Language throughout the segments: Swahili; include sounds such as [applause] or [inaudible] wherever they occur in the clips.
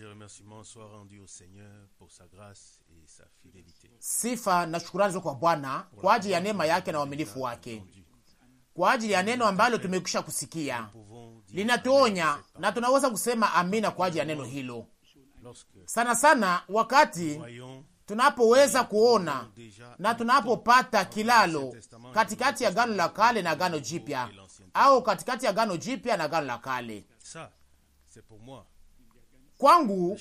les remerciements soient rendus au Seigneur pour sa grâce et sa fidélité. Sifa na shukrani zako kwa Bwana kwa ajili ya neema yake na uaminifu wake, kwa ajili ya neno ambalo tumekwisha kusikia linatuonya, na tunaweza kusema amina kwa ajili ya neno hilo, sana sana wakati tunapoweza kuona na tunapopata kilalo katikati ya gano la kale na gano jipya, au katikati ya gano jipya na gano la kale. Kwangu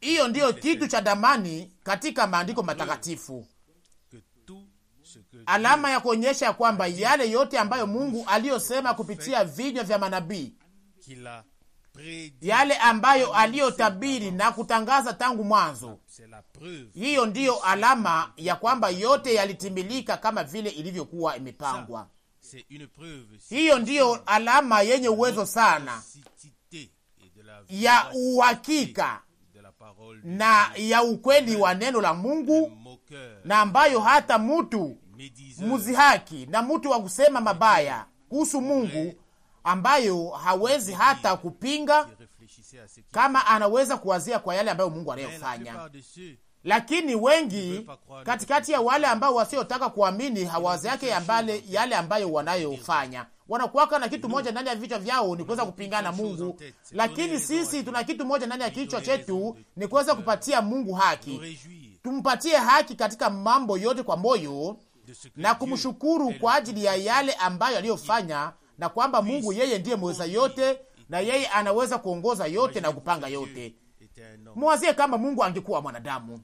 hiyo ndiyo kitu cha damani katika maandiko matakatifu, alama ya kuonyesha ya kwamba yale yote ambayo Mungu aliyosema kupitia vinywa vya manabii, yale ambayo aliyotabiri na kutangaza tangu mwanzo, hiyo ndiyo alama ya kwamba yote yalitimilika kama vile ilivyokuwa imepangwa. Hiyo ndiyo alama yenye uwezo sana ya uhakika na ya ukweli wa neno la Mungu, na ambayo hata mutu muzihaki na mutu wa kusema mabaya kuhusu Mungu, ambayo hawezi hata kupinga kama anaweza kuwazia kwa yale ambayo Mungu anayofanya. Lakini wengi katikati ya wale ambao wasiotaka kuamini hawazi yake yale ambayo wanayofanya wanakuwaka na kitu mm-hmm. moja ndani ya vichwa vyao ni kuweza kupingana na Mungu, lakini sisi tuna kitu moja ndani ya kichwa chetu ni kuweza kupatia Mungu haki. Tumpatie haki katika mambo yote kwa moyo na kumshukuru kwa ajili ya yale ambayo aliyofanya, na kwamba Mungu yeye ndiye mweza yote na yeye anaweza kuongoza yote na kupanga yote. Mwazie kama Mungu angekuwa mwanadamu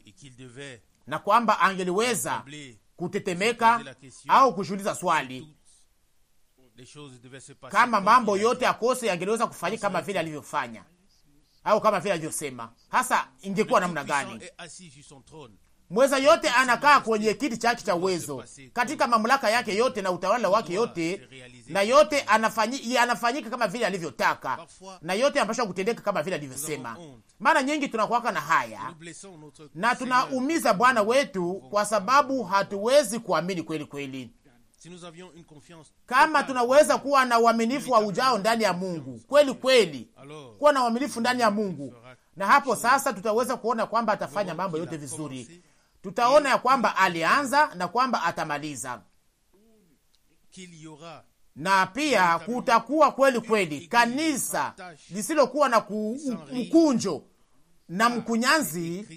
na kwamba angeliweza kutetemeka au kujiuliza swali kama mambo yote akose yangeliweza kufanyika kama vile alivyofanya au kama vile alivyosema, hasa ingekuwa namna gani? Eh, Mweza yote anakaa kwenye kiti chake cha uwezo katika mamlaka yake yote na utawala wake yote, na yote anafanyi, anafanyika kama vile alivyotaka, na yote anapashwa kutendeka kama vile alivyosema. Mara nyingi tunakuwaka na haya na tunaumiza Bwana wetu kwa sababu hatuwezi kuamini kweli kweli kama tunaweza kuwa na uaminifu wa ujao ndani ya Mungu kweli kweli, kuwa na uaminifu ndani ya Mungu, na hapo sasa tutaweza kuona kwamba atafanya mambo yote vizuri. Tutaona ya kwamba alianza na kwamba atamaliza, na pia kutakuwa kweli kweli kanisa lisilokuwa na ku, mkunjo na ah, mkunyanzi,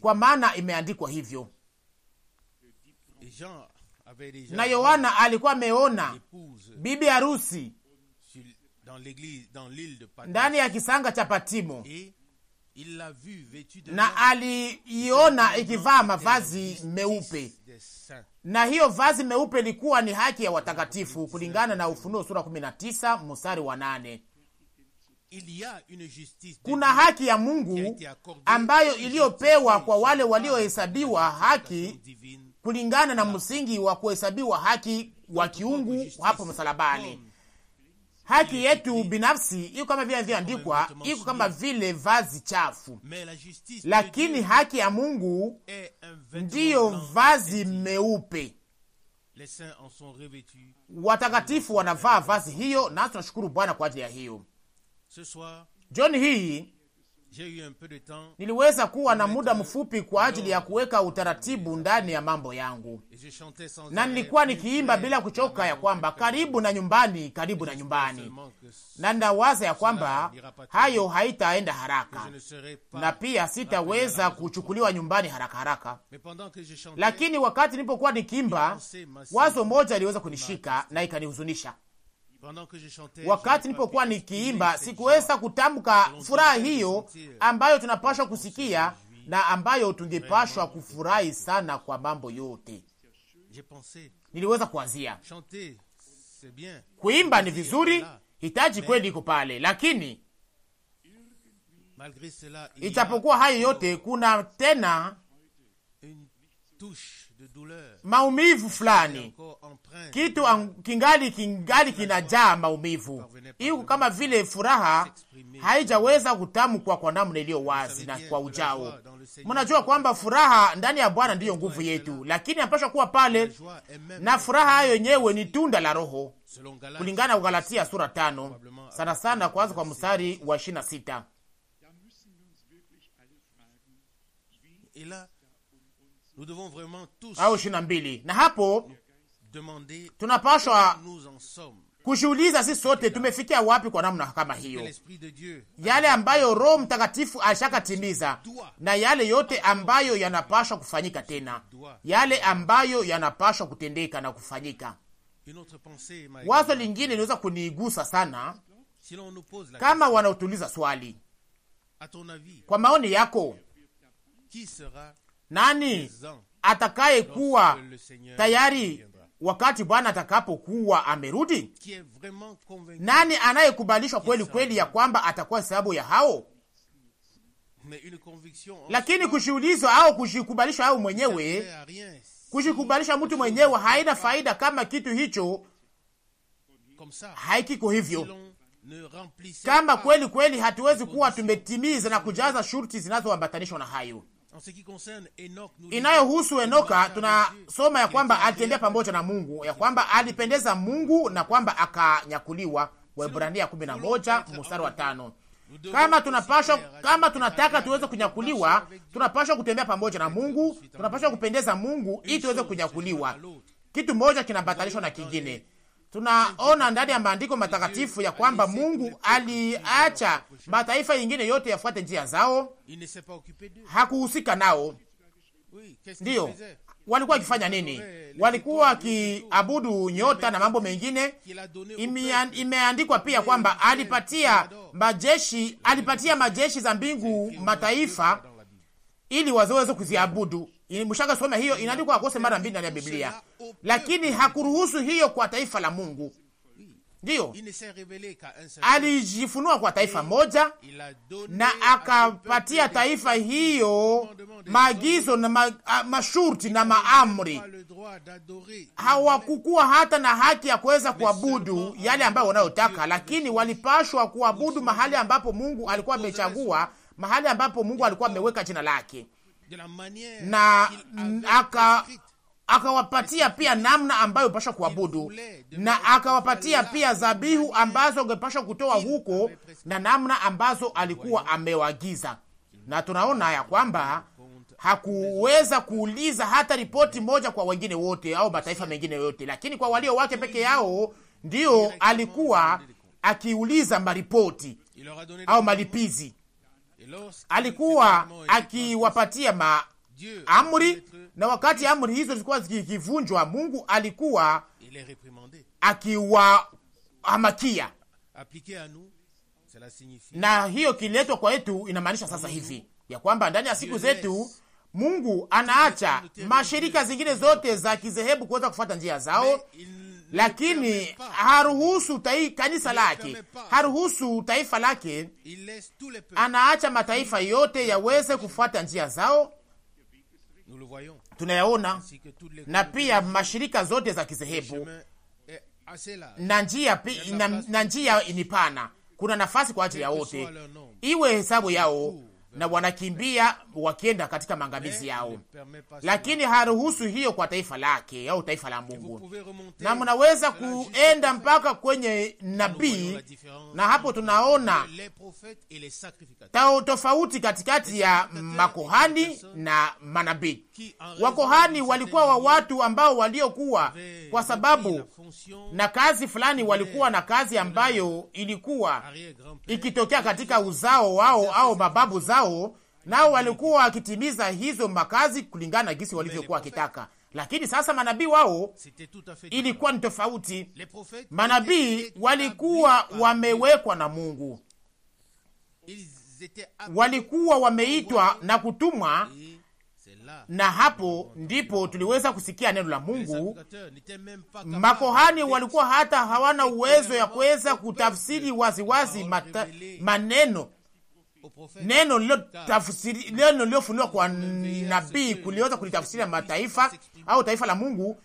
kwa maana imeandikwa hivyo na Yohana alikuwa ameona bibi harusi ndani ya kisanga cha Patimo na aliiona ikivaa mavazi meupe, na hiyo vazi meupe ilikuwa ni haki ya watakatifu kulingana na Ufunuo sura 19 mstari wa 8. Kuna haki ya Mungu ambayo iliyopewa kwa wale waliohesabiwa haki kulingana na msingi wa kuhesabiwa haki wa kiungu hapo msalabani. Haki yetu binafsi iko kama vile vyoandikwa, iko kama vile vazi chafu, lakini haki ya Mungu ndiyo vazi meupe. Watakatifu wanavaa vazi hiyo, na tunashukuru Bwana kwa ajili ya hiyo. Jioni hii Niliweza kuwa na muda mfupi kwa ajili ya kuweka utaratibu ndani ya mambo yangu, na nilikuwa nikiimba bila kuchoka ya kwamba karibu na nyumbani, karibu na nyumbani, na ninawaza ya kwamba hayo haitaenda haraka na pia sitaweza kuchukuliwa nyumbani haraka haraka. Lakini wakati nilipokuwa nikiimba, wazo moja iliweza kunishika na ikanihuzunisha Wakati nilipokuwa nikiimba, sikuweza kutamka furaha hiyo euh, ambayo tunapashwa kusikia na ambayo tungepashwa kufurahi sana kwa mambo yote. Niliweza kuwazia kuimba, ni vizuri, hitaji kweli iko pale, lakini ijapokuwa hayo yote, kuna tena maumivu fulani, kitu kingali kingali kinajaa maumivu hiyo, kama vile furaha haijaweza kutamkwa kwa namna iliyo wazi na kwa ujao. Mnajua kwamba furaha ndani ya Bwana ndiyo nguvu yetu, lakini napashwa kuwa pale na furaha yenyewe ni tunda la Roho kulingana na Galatia sura tano, sana sana kwanza kwa mstari wa ishirini na sita au ishirini na mbili. Na hapo tunapashwa kujiuliza sisi sote tumefikia wapi kwa namna kama hiyo, yale ambayo Roho Mtakatifu ashakatimiza na yale yote ambayo yanapashwa kufanyika, tena yale ambayo yanapashwa kutendeka na kufanyika. Wazo lingine linaweza kuniigusa sana kama wanautuliza swali, kwa maoni yako nani atakayekuwa tayari wakati Bwana atakapokuwa amerudi? Nani anayekubalishwa kweli kweli ya kwamba atakuwa sababu ya hao? Lakini kushiulizwa au kushikubalishwa au mwenyewe kushikubalisha mtu mwenyewe haina faida kama kitu hicho haikiko hivyo kama kweli kweli hatuwezi kuwa tumetimiza na kujaza shurti zinazoambatanishwa na hayo inayohusu Enoka tunasoma ya kwamba alitembea pamoja na Mungu, ya kwamba alipendeza Mungu na kwamba akanyakuliwa. Waebrania 11 mstari wa tano. Kama tunapashwa, kama tunataka tuweze kunyakuliwa, tunapashwa kutembea pamoja na Mungu, tunapashwa kupendeza Mungu ili tuweze kunyakuliwa. Kitu moja kinabatalishwa na kingine. Tunaona ndani ya maandiko matakatifu ya kwamba Mungu aliacha mataifa yingine yote yafuate njia zao, hakuhusika nao. Ndiyo, walikuwa wakifanya nini? Walikuwa wakiabudu nyota na mambo mengine. Imeandikwa pia kwamba alipatia majeshi, alipatia majeshi za mbingu mataifa ili wazoweze kuziabudu. Mshakasoma hiyo inaandikwa akose mara mbili ndani ya Biblia, lakini hakuruhusu hiyo kwa taifa la Mungu. Ndiyo, alijifunua kwa taifa moja na akapatia taifa hiyo maagizo na ma, a, masharti na maamri. Hawakukuwa hata na haki ya kuweza kuabudu yale ambayo wanayotaka, lakini walipashwa kuabudu mahali ambapo Mungu alikuwa amechagua, mahali ambapo Mungu alikuwa ameweka jina lake na aka akawapatia pia namna ambayo pasha kuabudu, na akawapatia pia dhabihu ambazo angepasha kutoa huko, na namna ambazo alikuwa amewagiza. Na tunaona ya kwamba hakuweza kuuliza hata ripoti moja kwa wengine wote au mataifa mengine yote, lakini kwa walio wake peke yao ndio alikuwa akiuliza maripoti au malipizi alikuwa akiwapatia maamri, na wakati amri hizo zilikuwa zikivunjwa, Mungu alikuwa akiwahamakia na hiyo kiletwa kwa yetu inamaanisha sasa hivi ya kwamba ndani ya siku zetu Mungu anaacha mashirika zingine zote za kizehebu kuweza kufuata njia zao, lakini haruhusu tai, kanisa lake haruhusu taifa lake, anaacha mataifa yote yaweze kufuata njia zao. Tunayaona na pia mashirika zote za kizehebu na njia, na, na njia ni pana, kuna nafasi kwa ajili ya wote, iwe hesabu yao na wanakimbia wakienda katika maangamizi yao, lakini haruhusu hiyo kwa taifa lake au taifa la Mungu. Na mnaweza kuenda mpaka kwenye nabii, na hapo tunaona tofauti katikati ya makuhani na manabii. Wakohani walikuwa wa watu ambao waliokuwa kwa sababu na kazi fulani, walikuwa na kazi ambayo ilikuwa ikitokea katika uzao wao au mababu zao, nao walikuwa wakitimiza hizo makazi kulingana na jinsi walivyokuwa wakitaka. Lakini sasa manabii wao ilikuwa ni tofauti. Manabii walikuwa wamewekwa na Mungu, walikuwa wameitwa na kutumwa na hapo ndipo tuliweza kusikia neno la Mungu. Makohani walikuwa hata hawana uwezo ya kuweza kutafsiri waziwazi maneno neno lililofunuliwa kwa nabii kuliweza kulitafsiria mataifa au taifa la Mungu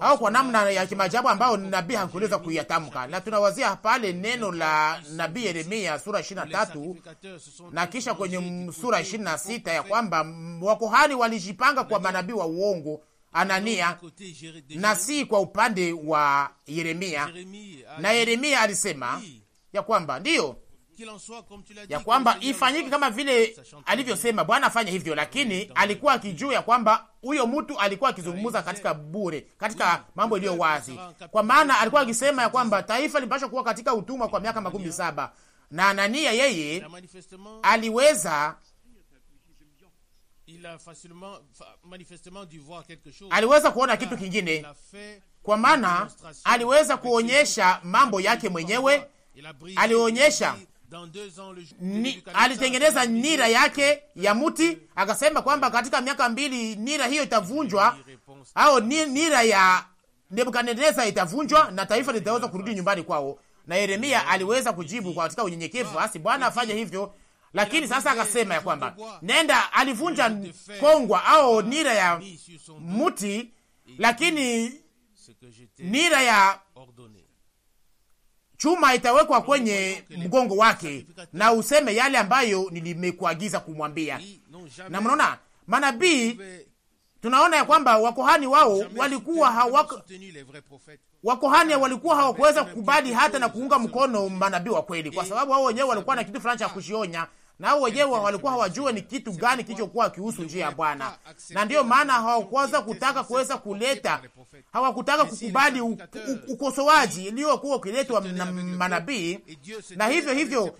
au kwa namna ya kimajabu ambayo nabii hakuweza kuyatamka. Na tunawazia pale neno la nabii Yeremia sura 23 na kisha kwenye sura 26 ya kwamba wakohani walijipanga kwa manabii wa uongo Anania na si kwa upande wa Yeremia, na Yeremia alisema ya kwamba ndiyo ya kwamba ifanyike kama vile alivyosema Bwana afanye hivyo, lakini alikuwa akijua ya kwamba huyo mtu alikuwa akizungumza katika bure, katika mambo iliyo wazi, kwa maana alikuwa akisema ya kwamba taifa limepashwa kuwa katika utumwa kwa miaka makumi saba na Anania yeye aliweza aliweza kuona kitu kingine, kwa maana aliweza kuonyesha mambo yake mwenyewe, alionyesha ni, alitengeneza nira yake ya muti akasema kwamba katika miaka mbili nira hiyo itavunjwa, au nira ya Nebukadnezar itavunjwa na taifa litaweza kurudi nyumbani kwao. Na Yeremia aliweza kujibu kwa katika unyenyekevu, basi Bwana afanye hivyo. Lakini sasa akasema ya kwamba nenda, alivunja kongwa au nira ya muti lakini nira ya chuma itawekwa kwenye mgongo wake, na useme yale ambayo nilimekuagiza kumwambia. Na mnaona manabii, tunaona ya kwamba wakohani wao walikuwa hawak... wakohani walikuwa hawakuweza kukubali hata na kuunga mkono manabii wa kweli, kwa sababu wao wenyewe walikuwa na kitu fulani cha kushionya nao wenyewe walikuwa hawajue ni kitu gani kilichokuwa kihusu njia ya Bwana, na ndiyo maana hawakuwaza kutaka kuweza kuleta, hawakutaka kukubali ukosoaji iliyokuwa ukiletwa na manabii, na hivyo hivyo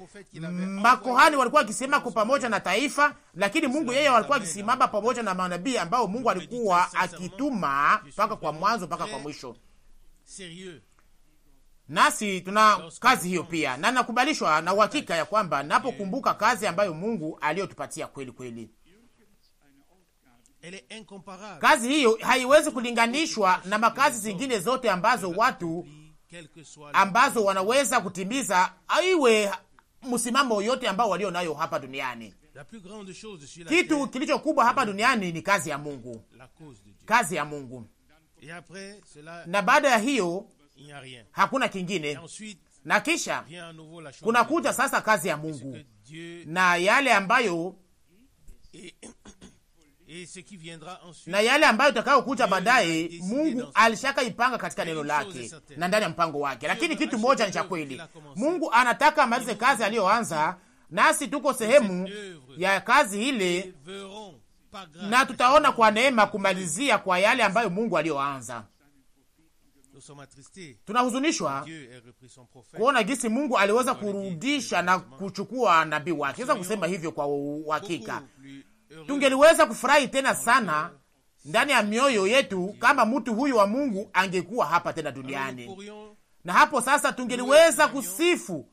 makohani walikuwa wakisimama kwa pamoja na taifa, lakini Mungu yeye alikuwa akisimama pamoja na manabii ambao Mungu alikuwa akituma mpaka kwa mwanzo mpaka kwa mwisho nasi tuna kazi hiyo pia, na nakubalishwa na uhakika ya kwamba napokumbuka kazi ambayo Mungu aliyotupatia kweli kweli, kazi hiyo haiwezi kulinganishwa na makazi zingine zote ambazo watu ambazo wanaweza kutimiza, aiwe msimamo yoyote ambao walio nayo hapa duniani. Kitu kilicho kubwa hapa duniani ni kazi ya Mungu, kazi ya Mungu. Na baada ya hiyo hakuna kingine. Na kisha kunakuja sasa kazi ya Mungu na yale ambayo [coughs] na yale ambayo utakayokuja baadaye, Mungu alishaka ipanga katika neno lake na ndani ya mpango wake. Lakini kitu moja ni cha kweli, Mungu anataka amalize kazi aliyoanza, nasi tuko sehemu ya kazi ile, na tutaona kwa neema kumalizia kwa yale ambayo Mungu aliyoanza. Tunahuzunishwa kuona gisi Mungu aliweza kurudisha na kuchukua nabii wake. Weza kusema hivyo kwa uhakika, tungeliweza kufurahi tena sana ndani ya mioyo yetu kama mtu huyu wa Mungu angekuwa hapa tena duniani, na hapo sasa tungeliweza kusifu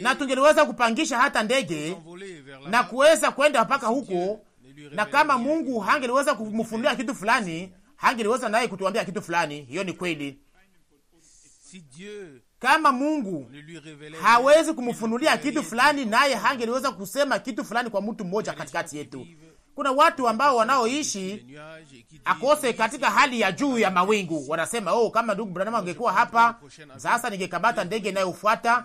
na tungeliweza kupangisha hata ndege na kuweza kwenda mpaka huko, na kama Mungu hangeliweza kumfunulia kitu fulani hangeliweza naye kutuambia kitu fulani. Hiyo ni kweli. Kama Mungu hawezi kumfunulia kitu fulani, naye hangeliweza kusema kitu fulani kwa mtu mmoja katikati yetu. Kuna watu ambao wanaoishi akose katika hali ya juu ya mawingu, wanasema oh, kama ndugu Branham angekuwa hapa sasa, ningekamata ndege inayofuata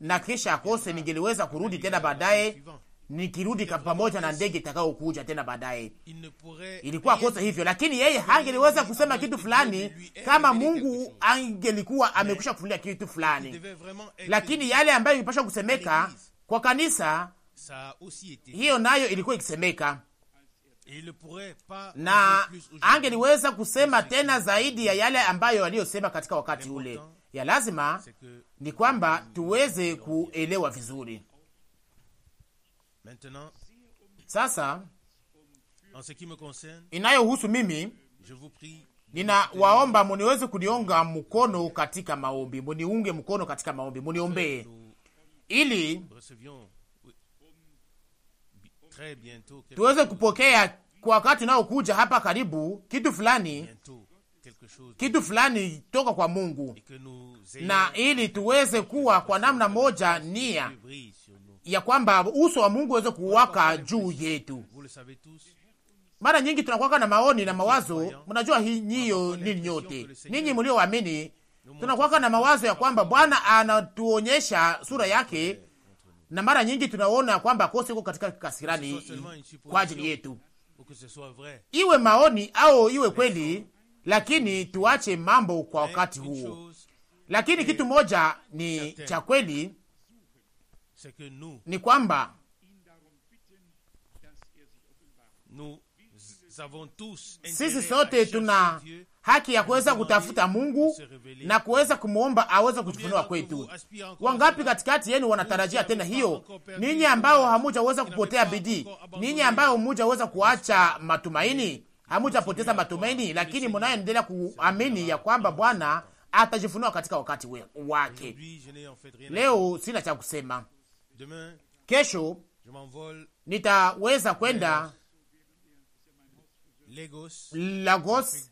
na kisha akose, ningeliweza kurudi tena baadaye nikirudi pamoja na ndege itakayokuja tena baadaye. Ilikuwa kosa hivyo, lakini yeye hangeliweza kusema kitu fulani kama Mungu angelikuwa amekwisha kufunulia kitu fulani, lakini yale ambayo ilipasha kusemeka kwa kanisa, hiyo nayo ilikuwa ikisemeka na angeliweza kusema tena zaidi ya yale ambayo aliyosema katika wakati ule. Ya lazima ni kwamba tuweze kuelewa vizuri sasa inayohusu mimi, nina waomba muniweze kunionga mkono katika maombi, muniunge mkono katika maombi, muniombee ili tuweze kupokea kwa wakati unaokuja hapa karibu kitu fulani kitu fulani toka kwa Mungu na ili tuweze kuwa kwa namna moja nia ya kwamba uso wa Mungu aweze kuwaka juu yetu. Mara nyingi tunakuwaka na maoni na mawazo, mnajua hii nyiyo nini, nyote ninyi mlioamini, tunakuwaka na mawazo ya kwamba Bwana anatuonyesha sura yake, na mara nyingi tunaona ya kwamba kosi iko katika kasirani kwa ajili yetu, iwe maoni au iwe kweli, lakini tuache mambo kwa wakati huo. Lakini kitu moja ni cha kweli ni kwamba sisi sote tuna haki ya kuweza kutafuta Mungu na kuweza kumwomba aweze kujifunua kwetu. Wangapi katikati yenu wanatarajia tena hiyo? Ninyi ambao hamujaweza kupotea bidii, ninyi ambao mujaweza kuacha matumaini, hamujapoteza matumaini, lakini munaendelea kuamini ya kwamba Bwana atajifunua katika wakati wake. Leo sina cha kusema kesho nitaweza kwenda Lagos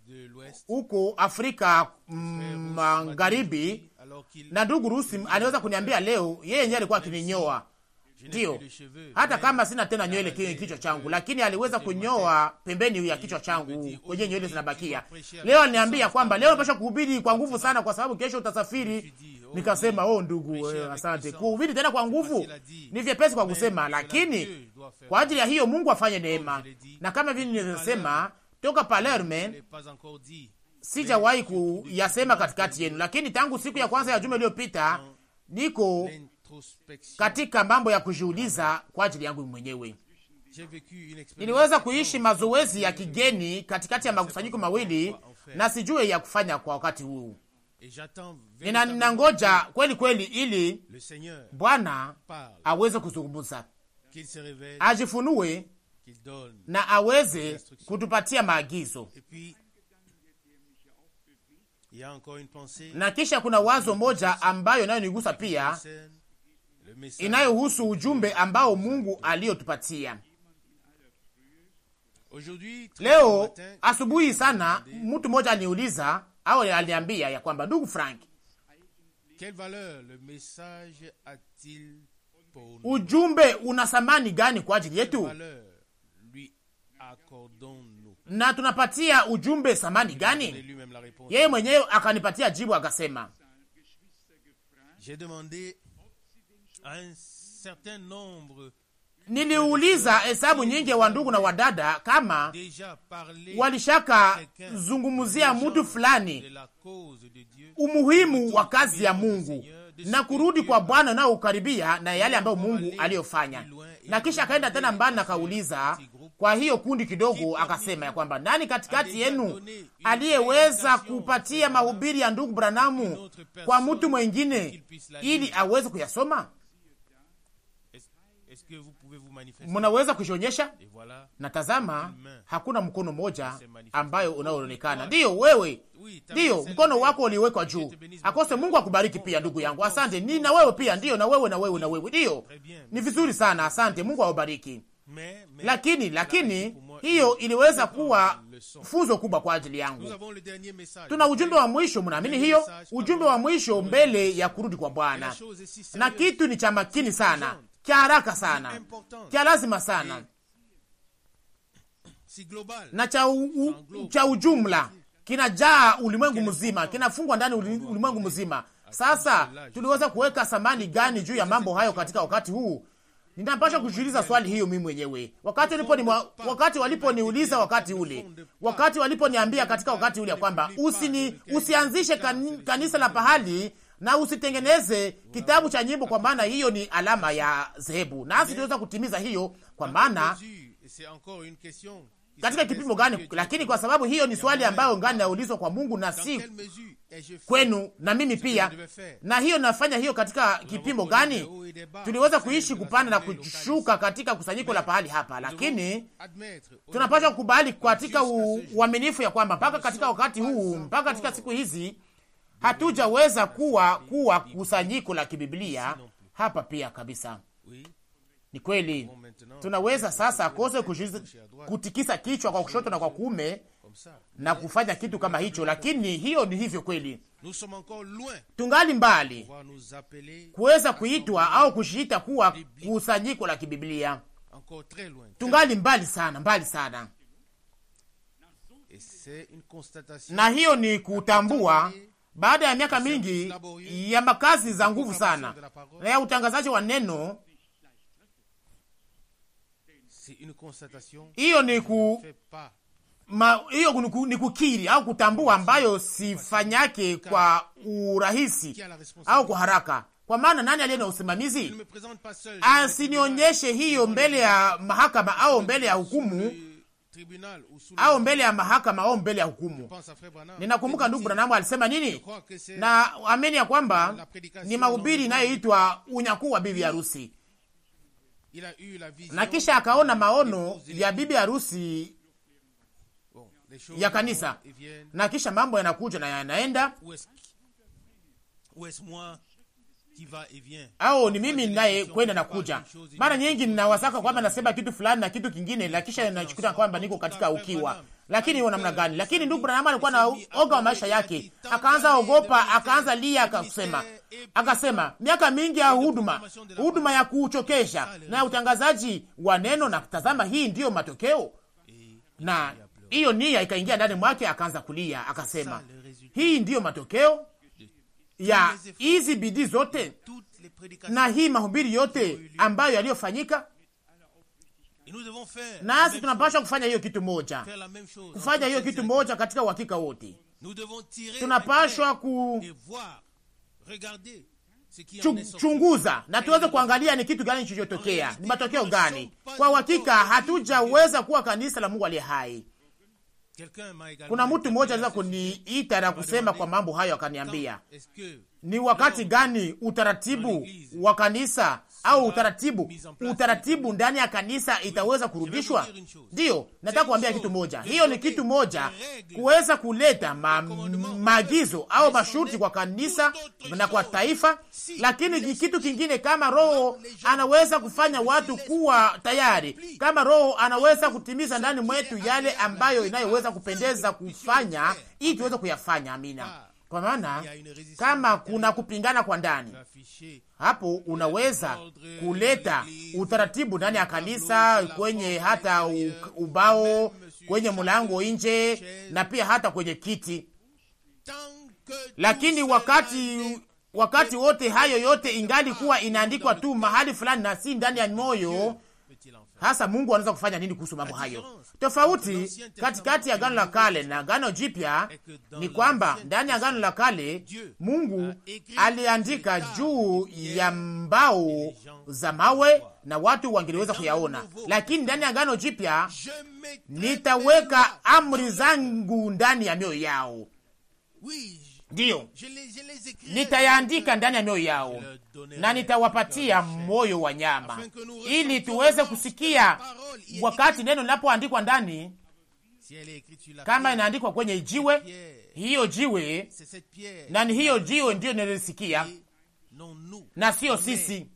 huko Afrika Magharibi, na ndugu Rusi aliweza kuniambia leo, yeye yenyewe alikuwa akininyoa ndio hata kama sina tena nywele kwenye kichwa changu, lakini aliweza kunyoa pembeni ya kichwa changu kwenye nywele zinabakia. Leo aliniambia kwamba leo napasha kuhubiri kwa nguvu sana, kwa sababu kesho utasafiri. Nikasema oh, ndugu eh, asante. Kuhubiri tena kwa nguvu ni vyepesi kwa kusema, lakini kwa ajili ya hiyo Mungu afanye neema, na kama vile nilivyosema toka Palerme sijawahi kuyasema katikati yenu, lakini tangu siku ya kwanza ya juma iliyopita niko katika mambo ya kujiuliza kwa ajili yangu mwenyewe. Niliweza kuishi mazoezi ya kigeni katikati ya makusanyiko mawili na sijue ya kufanya kwa wakati huu. Ninangoja kweli kweli ili Bwana aweze kuzungumza, ajifunue na aweze kutupatia maagizo. Na kisha kuna wazo moja ambayo nayo nigusa pia inayohusu ujumbe ambao Mungu aliyotupatia leo asubuhi sana. Mtu mmoja aliniuliza au aliambia ya kwamba ndugu Frank, ujumbe una thamani gani kwa ajili yetu na tunapatia ujumbe thamani gani? Yeye mwenyewe akanipatia jibu akasema, Niliuliza hesabu nyingi ya wandugu na wadada kama walishaka zungumuzia mutu fulani umuhimu wa kazi ya Mungu na kurudi kwa Bwana nao ukaribia na yale ambayo Mungu aliyofanya. Na kisha akaenda tena mbali, akauliza kwa hiyo kundi kidogo, akasema ya kwamba nani katikati yenu aliyeweza kupatia mahubiri ya ndugu Branamu kwa mtu mwengine ili aweze kuyasoma? munaweza kujionyesha na tazama, hakuna mkono mmoja ambayo oh, unaoonekana. Ndiyo wewe, ndiyo mkono wako uliwekwa juu. Akose Mungu akubariki pia, oh, ndugu oh, yangu, asante. Ni na wewe pia, ndiyo na wewe, na wewe, na wewe, ndiyo ni vizuri sana, asante. Mungu awabariki. Lakini lakini hiyo iliweza kuwa funzo kubwa kwa ajili yangu. Tuna ujumbe wa mwisho, mnaamini hiyo? Ujumbe wa mwisho mbele ya kurudi kwa Bwana, na kitu ni cha makini sana kya haraka sana, kya lazima sana eh. na cha, u, cha ujumla kinajaa ulimwengu mzima, kinafungwa ndani ulimwengu mzima. Sasa tuliweza kuweka samani gani juu ya mambo hayo katika wakati huu? Ninapasha kujiuliza swali hiyo mimi mwenyewe, wakati ni wakati waliponiuliza wakati ule, wakati waliponiambia katika wakati ule ya kwamba usini usianzishe kanisa la pahali na usitengeneze kitabu cha nyimbo, kwa maana hiyo ni alama ya zehebu, nasi tunaweza kutimiza hiyo, kwa maana katika kipimo gani? Lakini kwa sababu hiyo ni swali ambayo ngani naulizwa kwa Mungu na si kwenu na mimi pia. Na hiyo nafanya hiyo katika kipimo gani? Tuliweza kuishi kupanda na kushuka katika kusanyiko la pahali hapa, lakini tunapaswa kukubali katika uaminifu ya kwamba mpaka katika wakati huu, mpaka katika siku hizi hatujaweza kuwa kuwa kusanyiko la kibiblia hapa pia kabisa. Ni kweli, tunaweza sasa kose kutikisa kichwa kwa kushoto na kwa kuume na kufanya kitu kama hicho, lakini hiyo ni hivyo kweli, tungali mbali kuweza kuitwa au kushiita kuwa kusanyiko la kibiblia, tungali mbali sana, mbali sana, na hiyo ni kutambua baada ya miaka mingi ya makazi za nguvu sana na ya utangazaji wa neno. Hiyo ni ku hiyo ni kukiri au kutambua ambayo sifanyake kwa urahisi au kwa haraka. Kwa maana nani aliye na usimamizi? Asinionyeshe ah, hiyo mbele ya mahakama au mbele ya hukumu au mbele ya mahakama au mbele ya hukumu. Ninakumbuka ndugu Branamu alisema nini, na ameni ya kwamba ni mahubiri inayoitwa unyakuu wa bibi harusi, na kisha akaona maono ya bibi harusi ya kanisa, na kisha mambo yanakuja na yanaenda au ni mimi ninaye kwenda na kuja. Mara nyingi ninawasaka kwamba nasema kitu fulani na kitu kingine, na kisha ninachukulia kwamba niko katika ukiwa. Lakini hiyo namna gani? Lakini ndugu Branham alikuwa na oga wa maisha yake, akaanza ogopa, akaanza lia, akasema akasema, miaka mingi ya huduma, huduma ya kuchokesha na utangazaji wa neno, na tazama, hii ndiyo matokeo. Eh, na hiyo nia ikaingia ndani mwake, akaanza kulia, akasema, hii ndiyo matokeo ya hizi bidii zote na hii mahubiri yote ambayo yaliyofanyika, nasi tunapashwa kufanya hiyo kitu moja, kufanya hiyo kitu moja katika uhakika wote. Tunapashwa kuchunguza na tuweze kuangalia ni kitu gani kilichotokea, ni matokeo gani. Kwa uhakika hatujaweza kuwa kanisa la Mungu aliye hai. Kuna mtu mmoja aliweza kuniita na kusema kwa mambo hayo, akaniambia ni wakati gani utaratibu wa kanisa au utaratibu utaratibu ndani ya kanisa itaweza kurudishwa? Ndiyo, nataka kuambia kitu moja, hiyo ni kitu moja, kuweza kuleta ma, maagizo au masharti kwa kanisa na kwa taifa, lakini kitu kingine, kama Roho anaweza kufanya watu kuwa tayari, kama Roho anaweza kutimiza ndani mwetu yale ambayo inayoweza kupendeza kufanya, ili tuweze kuyafanya. Amina. Ah. Kwa maana kama kuna kupingana kwa ndani hapo unaweza kuleta utaratibu ndani ya kanisa, kwenye hata ubao, kwenye mlango nje, na pia hata kwenye kiti. Lakini wakati wakati wote hayo yote ingali kuwa inaandikwa tu mahali fulani na si ndani ya moyo Hasa Mungu anaweza kufanya nini kuhusu mambo hayo? Tofauti katikati ya agano la kale na agano jipya ni kwamba ndani ya agano la kale Mungu aliandika juu ya mbao za mawe na watu wangeliweza kuyaona, lakini ndani ya agano jipya nitaweka amri zangu ndani ya mioyo yao ndiyo nitayaandika ndani ya mioyo yao na nitawapatia moyo wa nyama, ili tuweze kusikia wakati neno linapoandikwa ndani. Kama inaandikwa kwenye jiwe, hiyo jiwe na ni hiyo jiwe ndiyo nilisikia, na sio sisi,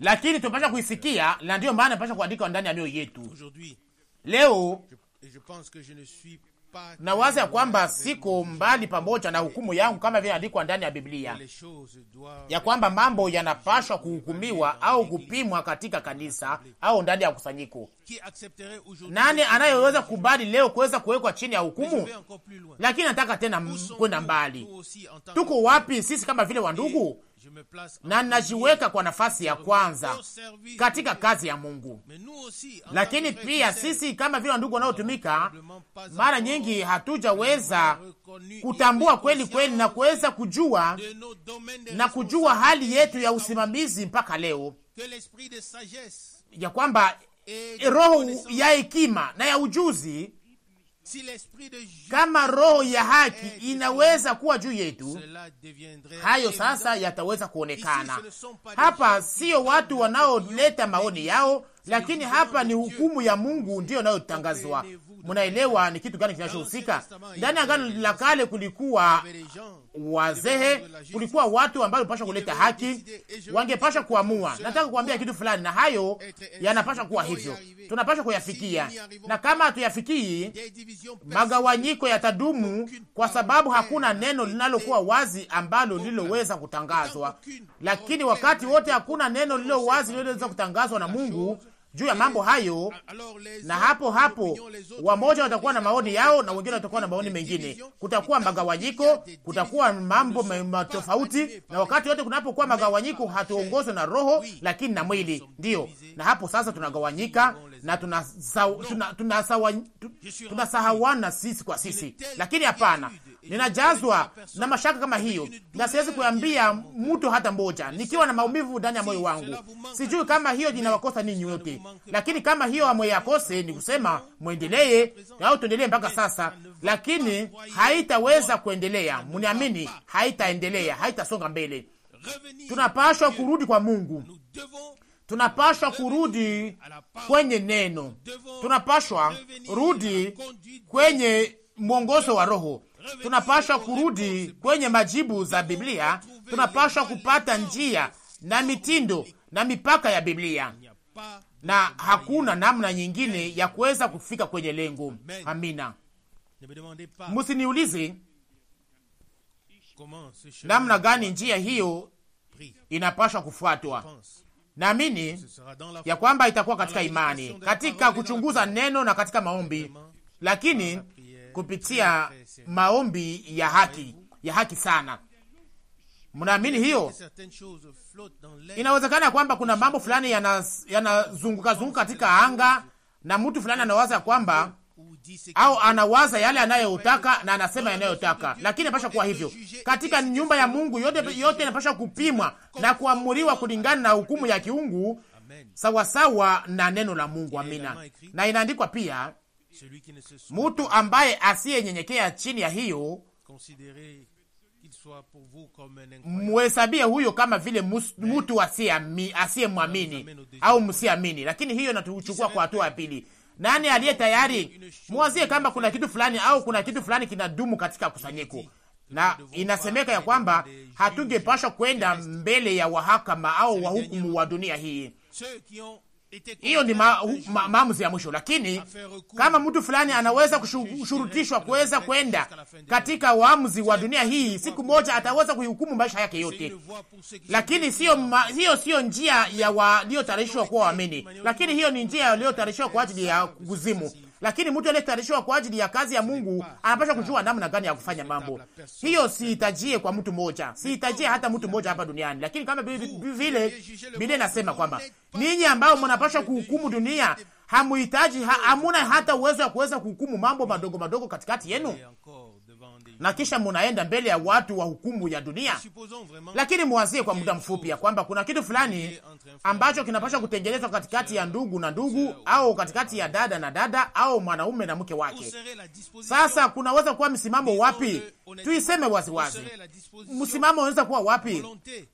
lakini tunapasha kuisikia, na ndiyo maana napasha kuandika ndani ya mioyo yetu leo na wazi ya kwamba siko mbali pamoja na hukumu yangu, kama vile andikwa ndani ya Biblia ya kwamba mambo yanapashwa kuhukumiwa au kupimwa katika kanisa au ndani ya kusanyiko. Nani anayeweza kubali leo kuweza kuwekwa chini ya hukumu? Lakini nataka tena kwenda mbali, tuko wapi sisi kama vile wandugu na najiweka kwa nafasi ya kwanza katika kazi ya Mungu. Lakini pia sisi kama vile wandugu wanaotumika, mara nyingi hatujaweza kutambua kweli kweli na kuweza kujua na kujua hali yetu ya usimamizi mpaka leo, ya kwamba roho ya hekima na ya ujuzi kama roho ya haki inaweza kuwa juu yetu, hayo sasa yataweza kuonekana hapa. Siyo watu wanaoleta maoni yao, lakini hapa ni hukumu ya Mungu ndiyo inayotangazwa. Munaelewa ni kitu gani kinachohusika ndani ya gano la Kale? Kulikuwa wazehe, kulikuwa watu ambao wapasha kuleta haki, wangepasha kuamua. Nataka kuambia kitu fulani, na hayo yanapasha kuwa hivyo, tunapasha kuyafikia, na kama hatuyafikii, magawanyiko yatadumu, kwa sababu hakuna neno linalokuwa wazi ambalo liloweza kutangazwa. Lakini wakati wote hakuna neno lilo wazi liloweza kutangazwa na Mungu juu ya mambo hayo, na hapo hapo wamoja watakuwa na maoni yao na wengine watakuwa na maoni mengine. Kutakuwa magawanyiko, kutakuwa mambo tofauti, na wakati wote kunapokuwa magawanyiko, hatuongozwe na roho lakini na mwili, ndiyo. Na hapo sasa tunagawanyika na tunasahawana sisi kwa sisi, lakini hapana. Ninajazwa na mashaka kama hiyo, na siwezi kuambia mtu hata mmoja, nikiwa na maumivu ndani ya moyo wangu. Sijui kama hiyo inawakosa ninyi wote, lakini kama hiyo amweyakose ni kusema mwendelee au tuendelee mpaka sasa, lakini haitaweza kuendelea. Mniamini, haitaendelea, haitasonga mbele. Tunapashwa kurudi kwa Mungu, tunapashwa kurudi kwenye neno, tunapashwa rudi kwenye mwongozo wa Roho, tunapashwa kurudi kwenye majibu za Biblia, tunapashwa kupata njia na mitindo na mipaka ya Biblia na hakuna namna nyingine ya kuweza kufika kwenye lengo. Amina. Msiniulize namna gani njia hiyo inapashwa kufuatwa. Naamini ya kwamba itakuwa katika imani, katika kuchunguza neno na katika maombi, lakini kupitia maombi ya haki ya haki sana, Mnaamini hiyo? Inawezekana kwamba kuna mambo fulani yanazunguka yana zunguka katika anga na mtu fulani anawaza kwamba au anawaza yale anayotaka na anasema yanayotaka, lakini inapasha kuwa hivyo katika nyumba ya Mungu. Yote yote inapasha kupimwa na kuamuriwa kulingana na hukumu ya kiungu sawasawa na neno la Mungu. Amina. Na inaandikwa pia, mtu ambaye asiyenyenyekea chini ya hiyo muhesabie huyo kama vile eh, mtu asiyemwamini au msiamini, lakini hiyo natuchukua kwa hatua ya pili. Nani aliye tayari? Mwazie kama kuna kitu fulani au kuna kitu fulani kinadumu katika kusanyiko, na inasemeka ya kwamba hatungepashwa kwenda mbele ya wahakama au wahukumu wa dunia hii hiyo ni maamuzi ma, ya mwisho. Lakini kama mtu fulani anaweza kushurutishwa kuweza kwenda katika uamuzi wa dunia hii, siku moja ataweza kuihukumu maisha yake yote, lakini sio hiyo, siyo njia ya waliotarishwa kuwa waamini, lakini hiyo ni njia waliotarishwa kwa ajili ya kuzimu lakini mtu aliyetayarishiwa kwa ajili ya kazi ya Mungu anapaswa kujua namna gani ya kufanya mambo hiyo. Sihitajie kwa mtu mmoja, sihitajie hata mtu mmoja hapa duniani, lakini kama vile Biblia inasema kwamba ninyi ambao mnapaswa kuhukumu dunia hamuhitaji, hamuna hata uwezo wa kuweza kuhukumu mambo madogo madogo katikati yenu na kisha munaenda mbele ya watu wa hukumu ya dunia. Lakini mwazie kwa muda mfupi ya kwamba kuna kitu fulani ambacho kinapaswa kutengenezwa katikati ya ndugu na ndugu, au katikati ya dada na dada, au mwanaume na mke wake. Sasa kunaweza kuwa msimamo wapi? Tuiseme waziwazi, msimamo unaweza kuwa wapi?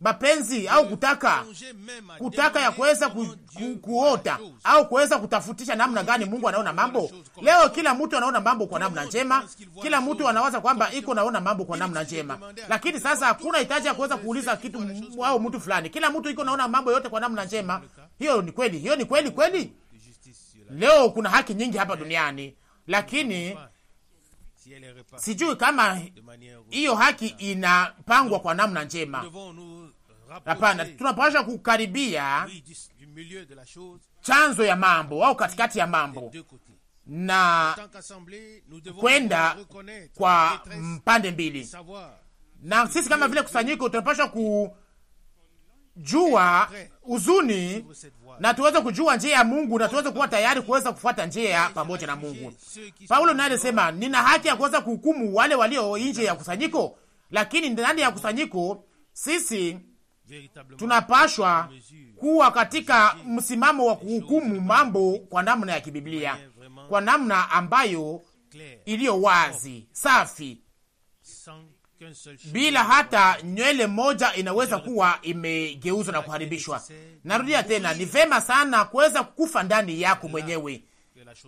Mapenzi au kutaka kutaka ya kuweza ku, ku, kuota au kuweza kutafutisha namna gani Mungu anaona mambo leo. Kila mtu anaona mambo kwa namna njema, kila mtu anawaza kwamba iko naona mambo kwa namna njema, lakini sasa hakuna hitaji ya kuweza kuuliza kitu au mtu fulani. Kila mtu iko naona mambo yote kwa namna njema. Hiyo ni kweli, hiyo ni kweli kweli. Leo kuna haki nyingi hapa duniani, lakini sijui kama hiyo haki inapangwa kwa namna njema. Hapana, tunapasha kukaribia chanzo ya mambo au katikati ya mambo na kwenda kwa mpande mbili, na sisi kama vile kusanyiko tunapashwa kujua uzuni na tuweze kujua njia ya Mungu na tuweze kuwa tayari kuweza kufuata njia pamoja na Mungu. Paulo naye alisema, nina haki ya kuweza kuhukumu wale walio nje ya kusanyiko, lakini ndani ya kusanyiko sisi tunapashwa kuwa katika msimamo wa kuhukumu mambo kwa namna ya kibiblia kwa namna ambayo iliyo wazi, safi, bila hata nywele moja inaweza kuwa imegeuzwa na kuharibishwa. Narudia tena, ni vema sana kuweza kukufa ndani yako mwenyewe,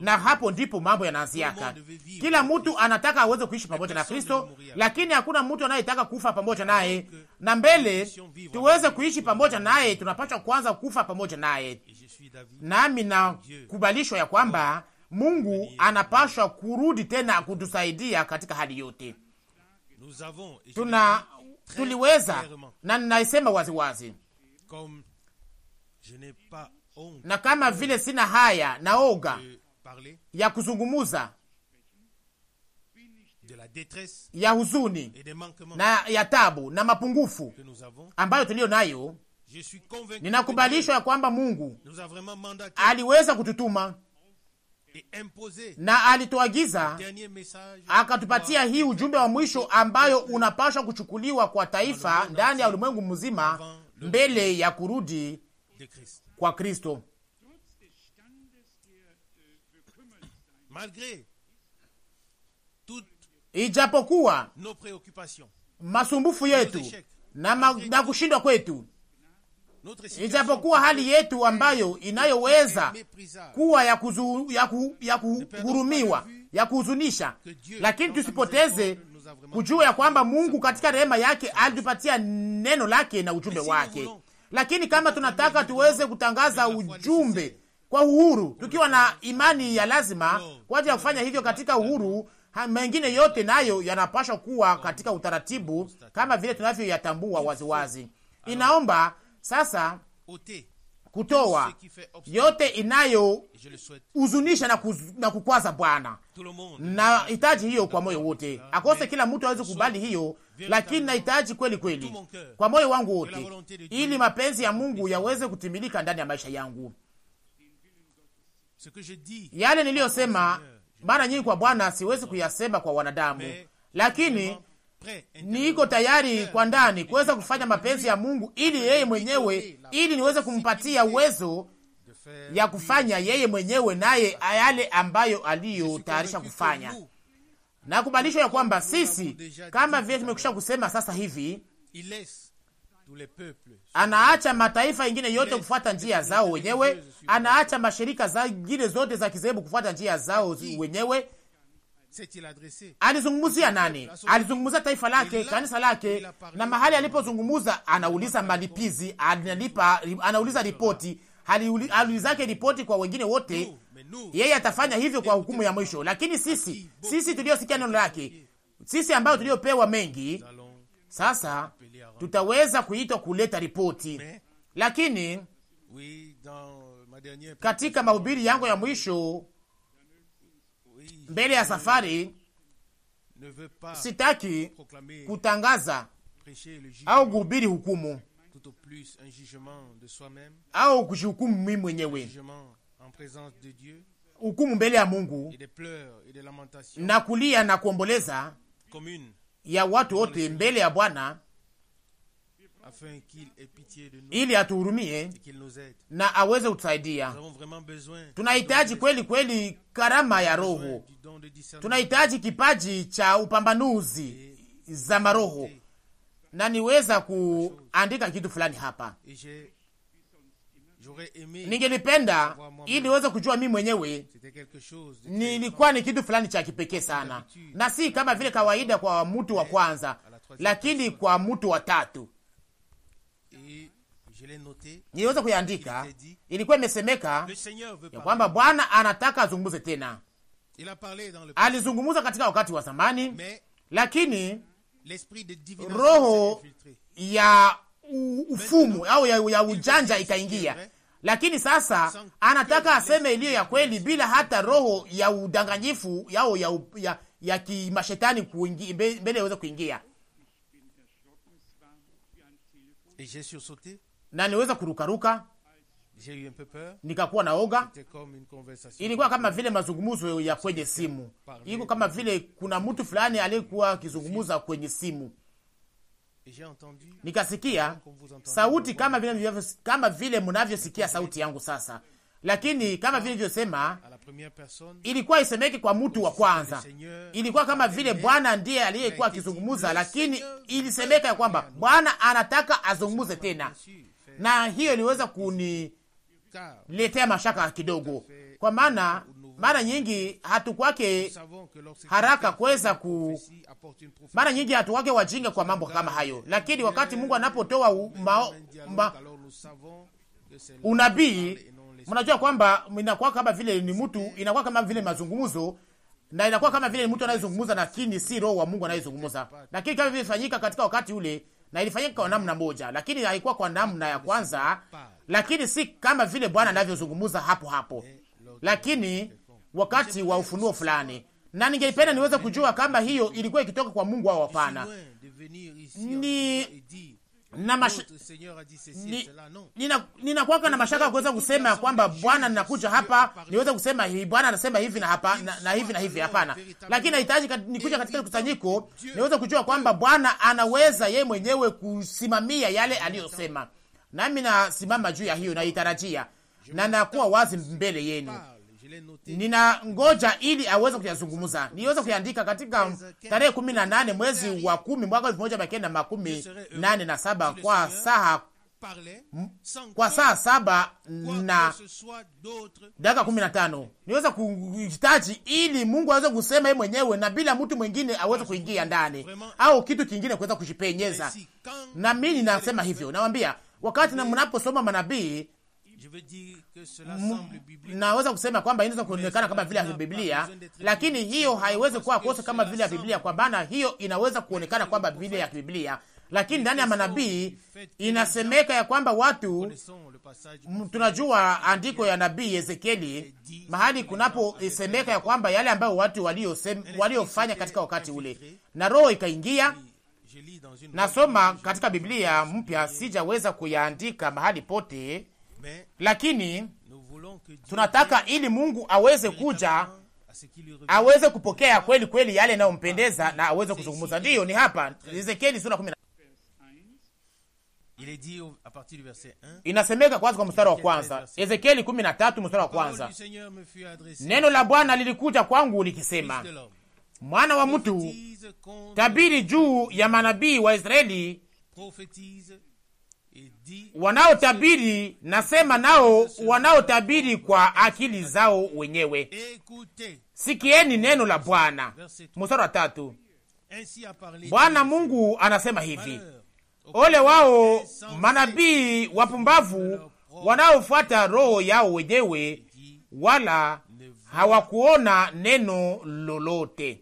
na hapo ndipo mambo yanaanziaka. Kila mtu anataka aweze kuishi pamoja na Kristo, lakini hakuna mtu anayetaka kufa pamoja naye. Na mbele tuweze kuishi pamoja naye, tunapaswa kwanza kufa pamoja naye, nami nakubalishwa ya kwamba Mungu anapashwa kurudi tena kutusaidia katika hali yote. Tuna tuliweza na ninaisema waziwazi na kama vile sina haya na oga ya kuzungumuza ya huzuni na ya tabu na mapungufu ambayo tuliyo nayo, ninakubalishwa ya kwamba Mungu aliweza kututuma na alituagiza akatupatia hii ujumbe wa mwisho ambayo unapashwa kuchukuliwa kwa taifa ndani ya ulimwengu mzima mbele ya kurudi kwa Kristo. Ijapokuwa masumbufu yetu na, na kushindwa kwetu ijapokuwa hali yetu ambayo inayoweza kuwa ya, kuzu, ya, ku, ya kuhurumiwa ya kuhuzunisha, lakini tusipoteze kujua ya kwamba Mungu katika rehema yake alitupatia neno lake na ujumbe wake. Lakini kama tunataka tuweze kutangaza ujumbe kwa uhuru, tukiwa na imani ya lazima kwa ajili ya kufanya hivyo katika uhuru, mengine yote nayo yanapashwa kuwa katika utaratibu kama vile tunavyoyatambua waziwazi. Inaomba sasa kutoa yote inayohuzunisha na, na kukwaza Bwana na hitaji hiyo kwa moyo wote, akose kila mtu aweze kubali hiyo, lakini nahitaji kweli kweli kwa moyo wangu wote, ili mapenzi ya Mungu yaweze kutimilika ndani ya maisha yangu. Yale niliyosema mara nyingi kwa Bwana siwezi kuyasema kwa wanadamu, lakini niko tayari kwa ndani kuweza kufanya mapenzi ya Mungu ili yeye mwenyewe, ili niweze kumpatia uwezo ya kufanya yeye mwenyewe naye yale ambayo aliyotayarisha kufanya. Nakubalishwa ya kwamba sisi kama vile tumekwisha kusema sasa hivi, anaacha mataifa ingine yote kufuata njia zao wenyewe, anaacha mashirika zingine zote za kizehebu kufuata njia zao wenyewe Alizungumzia nani? Alizungumzia taifa lake, kanisa lake, na mahali alipozungumza, anauliza malipizi, analipa, anauliza ripoti, aliulizake ripoti kwa wengine wote. Yeye atafanya hivyo kwa hukumu ya mwisho. Lakini sisi, sisi tuliosikia neno lake, sisi ambayo tuliopewa mengi, sasa tutaweza kuitwa kuleta ripoti, lakini katika mahubiri yangu ya mwisho mbele ya safari, sitaki kutangaza au kuhubiri hukumu au kujihukumu mimi mwenyewe, hukumu mbele ya Mungu na kulia na kuomboleza ya watu wote mbele ya Bwana ili atuhurumie na aweze kutusaidia. Tunahitaji kweli kweli karama ya Roho, tunahitaji kipaji cha upambanuzi za maroho, na niweza kuandika kitu fulani hapa. Ningelipenda ili niweze kujua mi mwenyewe nilikuwa ni kitu fulani cha kipekee sana, na si kama vile kawaida kwa mtu wa kwanza, lakini kwa mtu wa tatu niliweza kuyandika, ilikuwa imesemeka ya kwamba Bwana anataka azungumuze tena. Alizungumuza katika wakati wa zamani, lakini roho ya ufumu au ya, ya ujanja ikaingia lakini sasa anataka aseme iliyo ya kweli bila hata roho ya udanganyifu yao ya, ya, ya kimashetani mbele yaweza kuingia na niweza kurukaruka, nikakuwa na oga. Ilikuwa kama vile mazungumzo ya kwenye simu, iko kama vile kuna mtu fulani aliyekuwa akizungumza kwenye simu. Nikasikia sauti kama vile, kama vile mnavyosikia sauti yangu sasa, lakini kama vile nilivyosema, ilikuwa isemeke kwa mtu wa kwanza. Ilikuwa kama vile Bwana ndiye aliyekuwa akizungumza, lakini ilisemeka ya kwamba Bwana anataka azungumuze tena na hiyo iliweza kuniletea mashaka kidogo, kwa maana mara nyingi hatukwake haraka kuweza ku, mara nyingi hatukwake wajinga kwa mambo kama hayo, lakini wakati Mungu anapotoa ma... unabii, mnajua kwamba inakuwa kama vile ni mtu, inakuwa kama vile mazungumzo na inakuwa kama vile mtu anayezungumza, lakini si roho wa Mungu anayezungumza. Lakini kama vile fanyika katika wakati ule, na ilifanyika kwa namna moja, lakini haikuwa kwa namna ya kwanza, lakini si kama vile Bwana anavyozungumza hapo hapo, lakini wakati wa ufunuo fulani. Na ningeipenda niweze kujua kama hiyo ilikuwa ikitoka kwa Mungu au hapana. Ni na mash... ni, na mashaka kuweza kusema ya kwamba Bwana ninakuja hapa niweze kusema hii Bwana anasema hivi na hapa na, na hivi na hivi hapana, lakini nahitaji nikuja katika kusanyiko niweze kujua kwamba Bwana anaweza yeye mwenyewe kusimamia yale aliyosema, nami nasimama juu ya hiyo naitarajia na nakuwa wazi mbele yenu nina ngoja ili aweze kuyazungumza. niweze kuyaandika katika tarehe kumi na nane mwezi wa kumi mwaka elfu moja mia kenda makumi nane na saba kwa saa kwa saa saba na dakika kumi na tano niweza kuhitaji ili Mungu aweze kusema yeye mwenyewe na bila mtu mwingine aweze kuingia ndani au kitu kingine kuweza kujipenyeza. Na mimi ninasema hivyo, nawambia wakati na mnaposoma manabii Mm. naweza kusema kwamba inaweza kuonekana kama vile ya Biblia, lakini hiyo haiwezi kuwa kosa kama vile ya Biblia, kwa maana hiyo inaweza kuonekana kwamba vile ya Biblia lakini ndani ya manabii inasemeka ya kwamba watu, mm, tunajua andiko ya nabii Ezekieli mahali kunaposemeka ya kwamba yale ambayo watu waliofanya katika wakati ule, na roho ikaingia. Nasoma katika Biblia mpya, sijaweza kuyaandika mahali pote lakini tunataka ili Mungu aweze kuja aweze kupokea kweli kweli yale yanayompendeza ah, na aweze kuzungumza. Ndiyo, ni hapa Ezekieli sura kumi na inasemeka kwanza kwa mstari wa kwanza, Ezekieli kumi na tatu mstari wa kwanza, neno la Bwana lilikuja kwangu likisema, mwana wa mtu, tabiri juu ya manabii wa Israeli wanaotabiri, nasema nao wanaotabiri kwa akili zao wenyewe. Sikieni neno la Bwana. Mstari wa tatu, Bwana Mungu anasema hivi: ole wao manabii wapumbavu wanaofuata roho yao wenyewe, wala hawakuona neno lolote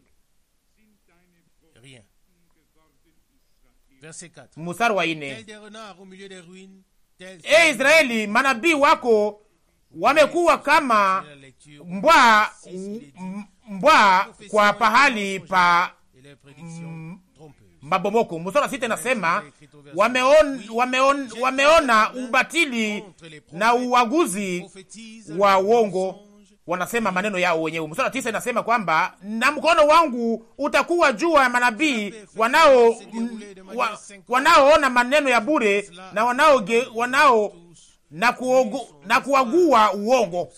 mstari wa E Israeli, manabii wako wamekuwa kama mbwa mbwa kwa pahali pa mabomoko. Mstari wa sita nasema wameona ubatili na uaguzi wa uongo wanasema maneno yao wenyewe. Mstari tisa inasema kwamba na mkono wangu utakuwa juu ya manabii wanao wa, wanaoona maneno ya bure na wanao, ge, wanao na, kuogu, na kuagua uongo.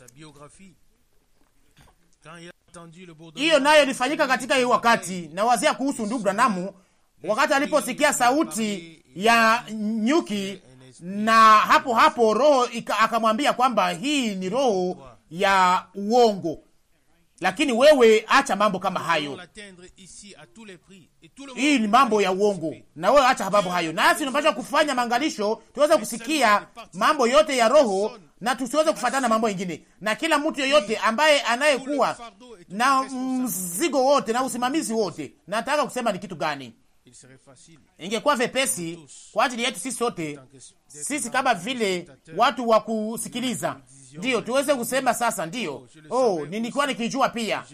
Hiyo nayo ilifanyika katika hii wakati. Nawazia kuhusu ndugu Branamu wakati aliposikia sauti ya nyuki, na hapo hapo roho akamwambia kwamba hii ni roho ya uongo, lakini wewe acha mambo kama hayo. Hii ni mambo ya uongo, na wewe acha mambo hayo. Nasi tunapaswa kufanya maangalisho, tuweze kusikia mambo yote ya roho na tusiweze kufatana na mambo mengine. Na kila mtu yoyote ambaye anayekuwa na mzigo wote na usimamizi wote, nataka kusema ni kitu gani? Ingekuwa vepesi kwa ajili yetu sisi sote, sisi kama vile watu wa kusikiliza, Ndiyo tuweze kusema sasa, ndiyo, oh, nilikuwa nikijua pia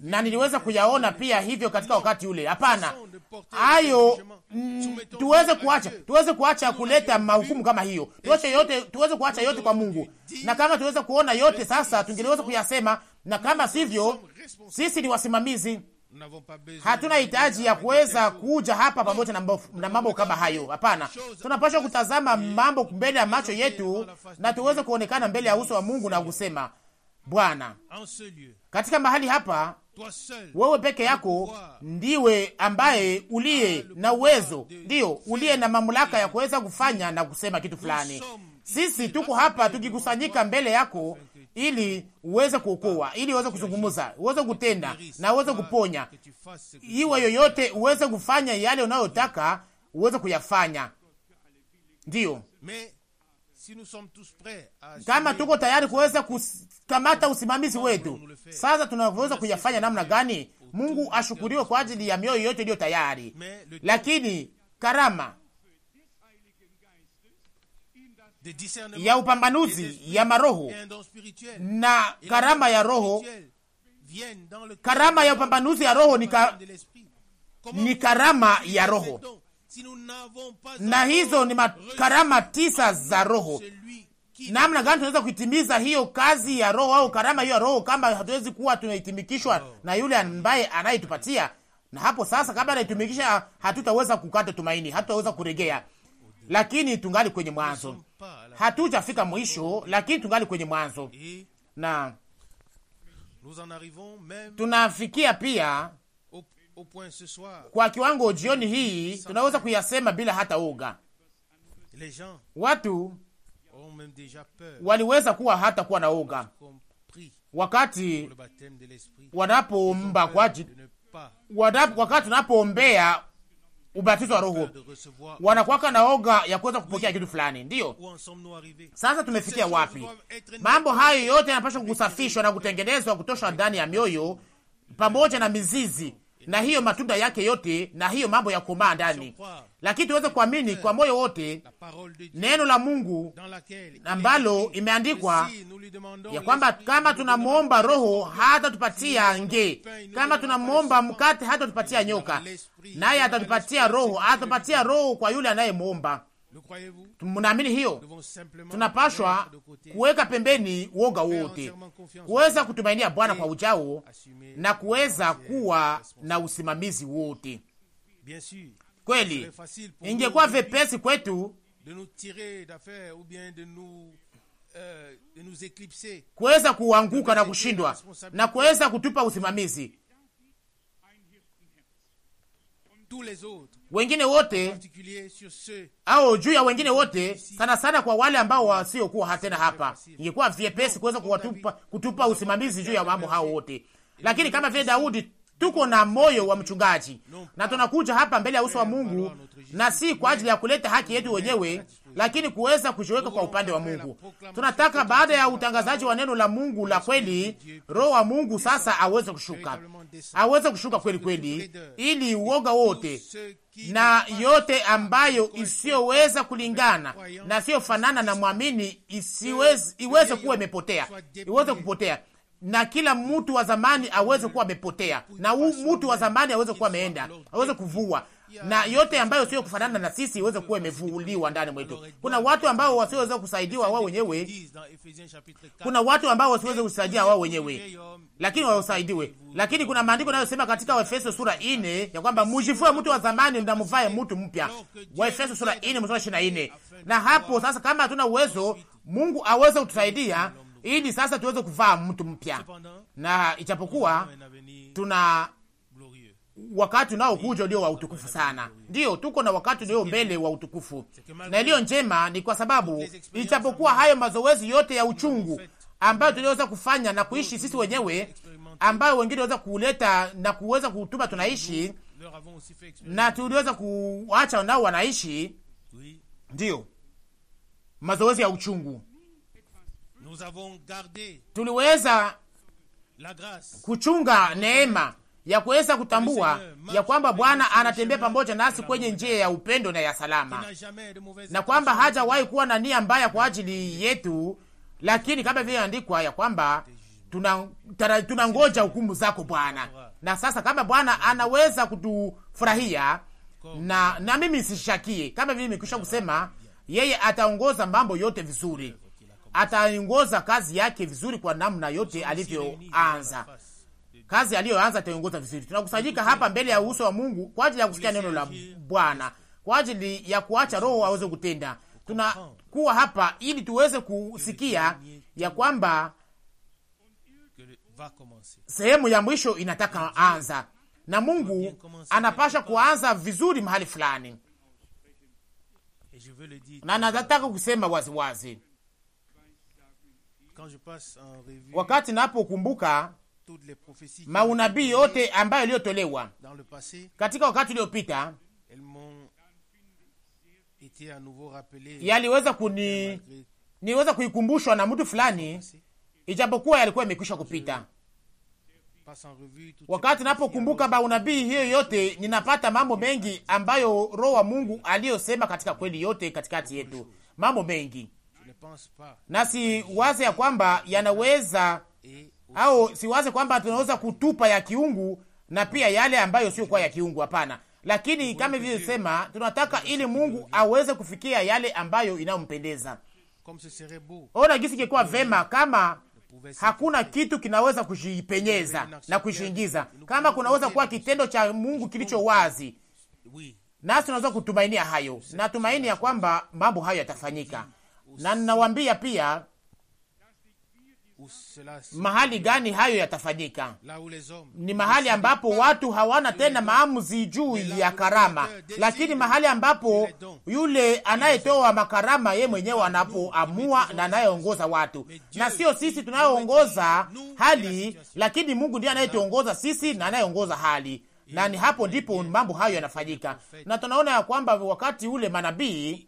na niliweza kuyaona pia hivyo katika wakati ule. Hapana, hayo mm, tuweze kuacha, tuweze kuacha kuleta mahukumu kama hiyo, tuache yote, tuweze kuacha yote kwa Mungu, na kama tuweze kuona yote sasa, tungeliweza kuyasema, na kama sivyo, sisi ni wasimamizi Hatuna hitaji ya kuweza kuja hapa pamoja na mambo, na mambo kama hayo. Hapana, tunapaswa kutazama mambo mbele ya macho yetu na tuweze kuonekana mbele ya uso wa Mungu na kusema Bwana, katika mahali hapa wewe peke yako ndiwe ambaye uliye na uwezo, ndiyo uliye na mamlaka ya kuweza kufanya na kusema kitu fulani. Sisi tuko hapa tukikusanyika mbele yako ili uweze kuokoa, ili uweze kuzungumza, uweze kutenda na uweze kuponya, iwe yoyote, uweze kufanya yale unayotaka uweze kuyafanya. Ndiyo, kama tuko tayari kuweza kukamata usimamizi wetu sasa, tunaweza kuyafanya namna gani? Mungu ashukuriwe kwa ajili ya mioyo yote iliyo tayari, lakini karama ya upambanuzi ya maroho na karama ya roho. Karama ya upambanuzi ya roho ni, ka, ni karama ya roho, na hizo ni karama tisa za roho. Namna gani tunaweza kuitimiza hiyo kazi ya roho au karama hiyo ya roho kama hatuwezi kuwa tunaitimikishwa na yule ambaye anayetupatia na hapo sasa, kabla anaitumikisha, hatutaweza kukata tumaini, hatutaweza kuregea, lakini tungali kwenye mwanzo hatujafika mwisho, lakini tungali kwenye mwanzo na tunafikia pia kwa kiwango. Jioni hii tunaweza kuyasema bila hata oga. Watu waliweza kuwa hata kuwa na oga wakati wanapoomba kwa wakati tunapoombea ubatizo wa Roho, wanakuwaka oga ya kuweza kupokea kitu fulani. Ndiyo, sasa tumefikia wapi? Mambo hayo yote yanapaswa kusafishwa na kutengenezwa kutosha ndani ya mioyo pamoja na mizizi na hiyo matunda yake yote na hiyo mambo ya kumaa ndani. Lakini tuweze kuamini kwa moyo wote neno la Mungu ambalo imeandikwa ya kwamba kama tunamwomba Roho hata tupatia nge, kama tunamwomba mkate hata tupatia nyoka, naye atatupatia Roho, atapatia Roho kwa yule anayemwomba. Mnaamini hiyo? Tunapashwa kuweka pembeni woga wote, kuweza kutumainia Bwana kwa ujao na kuweza kuwa na usimamizi wote. Kweli ingekuwa vepesi kwetu euh, kuweza kuanguka na kushindwa na kuweza kutupa usimamizi wengine wote au juu ya wengine wote, sana sana kwa wale ambao wasiokuwa hatena hapa. Ingekuwa vyepesi kuweza kutupa usimamizi juu ya mambo hao wote, lakini kama vile Daudi tuko na moyo wa mchungaji na tunakuja hapa mbele ya uso wa Mungu, na si kwa ajili ya kuleta haki yetu wenyewe, lakini kuweza kujiweka kwa upande wa Mungu. Tunataka baada ya utangazaji wa neno la Mungu la kweli, Roho wa Mungu sasa aweze kushuka, aweze kushuka kweli kweli, ili uoga wote na yote ambayo isiyoweza kulingana na siyofanana na mwamini isiweze, iweze kuwa imepotea, iweze kupotea na kila mtu wa zamani aweze kuwa amepotea, na huu mtu wa zamani aweze kuwa ameenda, aweze kuvua na yote ambayo sio kufanana na sisi iweze kuwa imevuliwa ndani mwetu. Kuna watu ambao wasioweza kusaidiwa wao wenyewe, kuna watu ambao wasiweze kusaidia wao wenyewe, lakini wasaidiwe. Lakini kuna maandiko yanayosema katika Waefeso sura ine ya kwamba mujivue mtu wa zamani na mvae mtu mpya, Waefeso sura ine mstari ishirini na nne. Na hapo sasa, kama hatuna uwezo, Mungu aweze kutusaidia ili sasa tuweze kuvaa mtu mpya, na ichapokuwa tuna wakati unaokuja ulio wa utukufu sana. Ndiyo, tuko na wakati ulio mbele wa utukufu, na iliyo njema ni kwa sababu ichapokuwa hayo mazoezi yote ya uchungu ambayo tuliweza kufanya na kuishi sisi wenyewe, ambayo wengine waweza kuleta na kuweza kutuma tunaishi na tuliweza kuacha nao wanaishi, ndiyo mazoezi ya uchungu tuliweza kuchunga neema ya kuweza kutambua ya kwamba Bwana anatembea pamoja nasi kwenye njia ya upendo na ya salama, na kwamba hajawahi kuwa na nia mbaya kwa ajili yetu, lakini kama vile andikwa ya kwamba tunangoja tuna hukumu zako Bwana. Na sasa kama Bwana anaweza kutufurahia na, na mimi sishakie, kama vile nimekwisha kusema, yeye ataongoza mambo yote vizuri ataongoza kazi yake vizuri kwa namna yote alivyoanza kazi aliyoanza ataongoza vizuri. Tunakusanyika hapa mbele ya uso wa Mungu kwa ajili ya kusikia neno la Bwana, kwa ajili ya kuacha Roho aweze kutenda. Tunakuwa hapa ili tuweze kusikia ya kwamba sehemu ya mwisho inataka anza, na Mungu anapasha kuanza vizuri mahali fulani, na nataka kusema waziwazi wazi. Wakati napokumbuka maunabii yote ambayo iliyotolewa katika wakati uliopita yaliweza kuni niweza kuikumbushwa na mtu fulani, ijapokuwa yalikuwa imekwisha kupita. Wakati napokumbuka maunabii hiyo yote, ninapata mambo mengi ambayo Roho wa Mungu aliyosema katika kweli yote katikati yetu, mambo mengi na waze ya kwamba yanaweza au si waze kwamba tunaweza kutupa ya kiungu na pia yale ambayo sio kwa ya kiungu. Hapana, lakini kama vilivyosema, tunataka ili Mungu aweze kufikia yale ambayo inayompendeza. Ona gisi kikuwa vema kama hakuna kitu kinaweza kujipenyeza na kujiingiza, kama kunaweza kuwa kitendo cha Mungu kilicho wazi, nasi tunaweza kutumainia hayo. na tumaini ya kwamba mambo hayo yatafanyika na ninawaambia pia mahali gani hayo yatafanyika? Ni mahali ambapo watu hawana tena maamuzi juu ya karama, lakini mahali ambapo yule anayetoa makarama ye mwenyewe anapoamua na anayeongoza watu, na sio sisi tunayoongoza hali, lakini Mungu ndiye anayetuongoza sisi na anayeongoza hali, na ni hapo ndipo mambo hayo yanafanyika. Na tunaona ya kwamba wakati ule manabii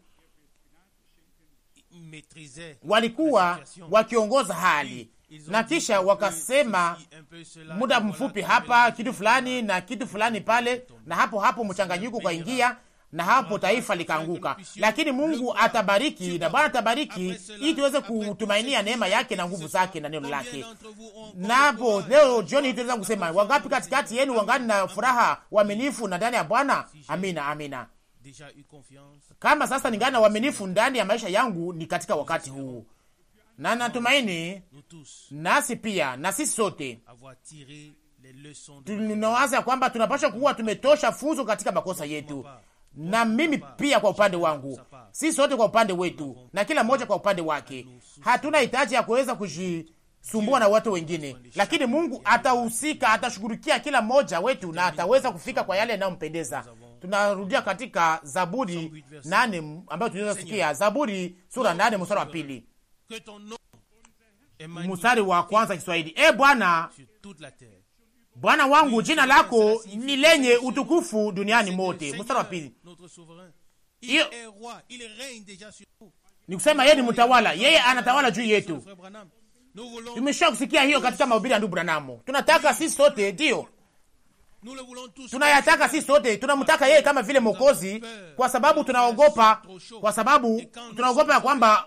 walikuwa wakiongoza hali na kisha wakasema muda mfupi hapa kitu fulani na kitu fulani pale, na hapo hapo mchanganyiko ukaingia, na hapo taifa likaanguka. Lakini Mungu atabariki na Bwana atabariki, ili tuweze kutumainia neema yake na nguvu zake na neno lake. Napo leo jioni hii tunaweza kusema wangapi katikati yenu wangani na furaha, uaminifu na ndani ya Bwana? Amina, amina. Kama sasa ningana na uaminifu ndani ya maisha yangu ni katika wakati huu, na natumaini nasi pia na sisi sote tunawaza ya kwamba tunapaswa kuwa tumetosha funzo katika makosa yetu, na mimi pia kwa upande wangu, sisi sote kwa upande wetu, na kila mmoja kwa upande wake. Hatuna hitaji ya kuweza kujisumbua na watu wengine, lakini Mungu atahusika, atashughulikia kila mmoja wetu na ataweza kufika kwa yale yanayompendeza tunarudia katika Zaburi nane ambayo tunaweza sikia, Zaburi sura nane mstari wa pili mstari wa kwanza Kiswahili. E Bwana, Bwana wangu, jina lako ni lenye utukufu duniani mote. Mstari wa pili ni kusema yeye ni mtawala, yeye anatawala juu yetu. Tumesha kusikia hiyo katika mahubiri ya ndugu Branamu. Tunataka sisi sote ndio tunayataka sisi sote, tunamtaka yeye kama vile Mwokozi, kwa sababu tunaogopa, kwa sababu tunaogopa ya kwamba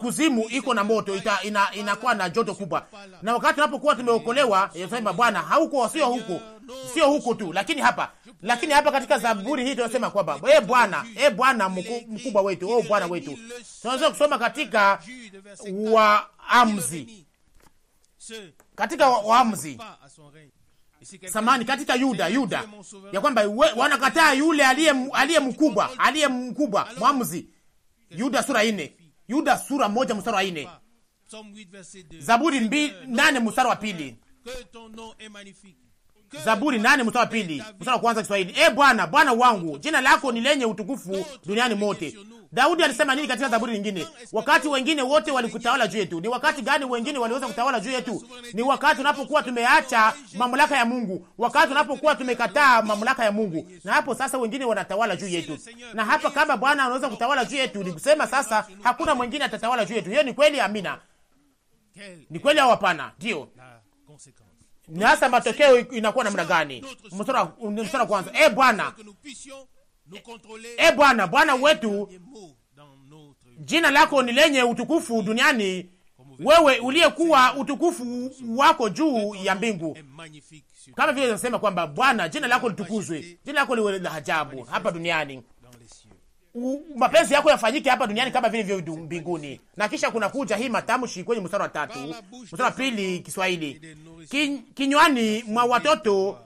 kuzimu iko na moto ita, ina, inakuwa na joto kubwa. Na wakati tunapokuwa tumeokolewa, tunasema Bwana, hauko sio huko, sio huko tu, lakini hapa, lakini hapa katika Zaburi hii tunasema kwamba e Bwana, e Bwana mkubwa wetu, oh Bwana wetu. Tunaweza kusoma katika Waamuzi, katika Waamuzi samani katika Yuda, Yuda ya kwamba wanakataa yule aliye mkubwa, aliye mkubwa mwamuzi. Yuda sura ine, Yuda sura moja mstari wa ine, Zaburi mbi, nane mstari wa pili, Zaburi nane mstari wa pili, mstari wa kwanza Kiswahili. E Bwana, Bwana wangu, jina lako ni lenye utukufu duniani mote Daudi alisema nini katika Zaburi nyingine? Wakati wengine wote walikutawala juu yetu. Ni wakati gani wengine waliweza kutawala juu yetu? Ni wakati tunapokuwa tumeacha mamlaka ya Mungu, wakati tunapokuwa tumekataa mamlaka ya Mungu, na hapo sasa wengine wanatawala juu yetu. Na hapa kama Bwana anaweza kutawala juu yetu, ni kusema sasa hakuna mwingine atatawala juu yetu. Hiyo ni kweli? Amina, ni kweli au hapana? Ndio. Na hasa matokeo inakuwa namna gani? Mstari wa kwanza, eh Bwana E Bwana, Bwana wetu, jina lako ni lenye utukufu duniani, wewe uliyekuwa utukufu wako juu ya mbingu, kama vile inasema kwamba Bwana, jina lako litukuzwe, jina lako liwe la ajabu hapa duniani mapenzi yako yafanyike hapa duniani kama vile vyo mbinguni. Na kisha kuna kuja hii matamshi kwenye mstari wa tatu, mstari wa pili Kiswahili, kinywani mwa watoto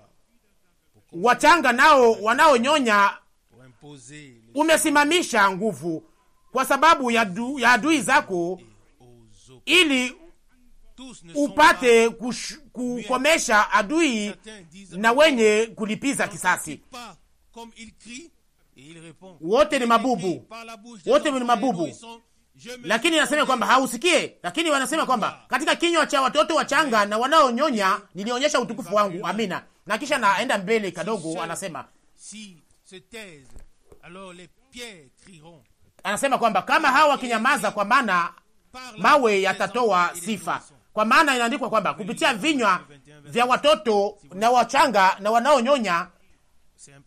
wachanga nao wanaonyonya umesimamisha nguvu kwa sababu ya, du, ya adui zako ili upate kush, kukomesha adui na wenye kulipiza kisasi. Wote ni mabubu, wote ni mabubu, lakini nasema kwamba hausikie. Lakini wanasema kwamba katika kinywa cha watoto wachanga na wanaonyonya nilionyesha utukufu wangu. Amina. Na kisha naenda mbele kadogo, anasema Anasema kwamba kama hawa wakinyamaza, kwa maana mawe yatatoa sifa, kwa maana inaandikwa kwamba kupitia vinywa vya watoto na wachanga na wanaonyonya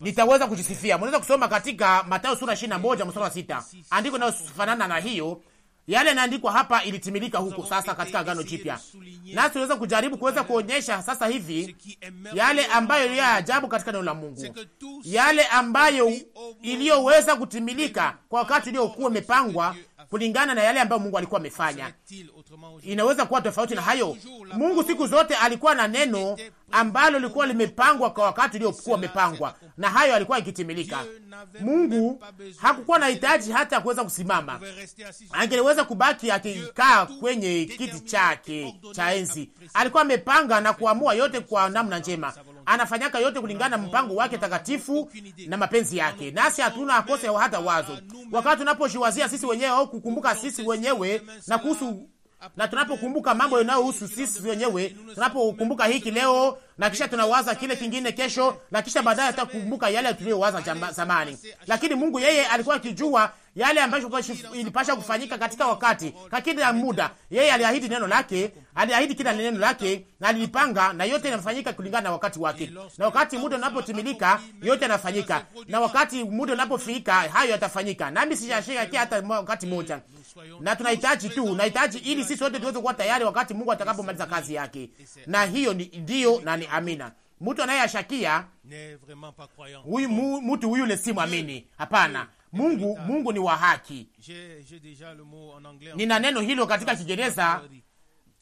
nitaweza kujisifia. Mnaweza kusoma katika Mathayo sura 21 mstari wa 6, andiko inayofanana na hiyo yale yanaandikwa hapa ilitimilika huko sasa katika Agano Jipya, nasi tunaweza kujaribu kuweza kuonyesha sasa hivi yale ambayo ya ajabu katika neno la Mungu, yale ambayo iliyoweza kutimilika kwa wakati uliokuwa imepangwa kulingana na yale ambayo Mungu alikuwa amefanya. Inaweza kuwa tofauti na hayo. Mungu siku zote alikuwa na neno ambalo lilikuwa limepangwa kwa wakati uliokuwa umepangwa, na hayo alikuwa ikitimilika. Mungu hakukuwa na hitaji hata kuweza kusimama, angeweza kubaki akikaa kwenye kiti chake cha enzi. Alikuwa amepanga na kuamua yote kwa namna njema, anafanyaka yote kulingana na mpango wake takatifu na mapenzi yake, nasi hatuna akose hata wazo. Wakati tunaposhiwazia sisi wenyewe au kukumbuka sisi wenyewe na kuhusu na tunapokumbuka mambo yanayohusu sisi wenyewe, tunapokumbuka hiki leo na kisha tunawaza kile kingine kesho, na kisha baadaye tutakumbuka yale tuliyowaza zamani. Lakini Mungu yeye alikuwa akijua yale ambayo ilipasha kufanyika katika wakati kakini ya muda. Yeye aliahidi neno lake, aliahidi kila neno lake na alilipanga, na yote yanafanyika kulingana na wakati wake. Na wakati muda unapotimilika, yote yanafanyika, na wakati muda unapofika, hayo yatafanyika, nami sijashika hata wakati mmoja, Na tunahitaji tu, nahitaji ili sisi wote tuweze kuwa tayari wakati Mungu atakapomaliza kazi yake, na hiyo ni ndio na ni amina. Mtu anayeashakia huyu mtu huyu si mwamini, hapana. Mungu, Mungu ni wa haki. Nina neno hilo katika Kiingereza,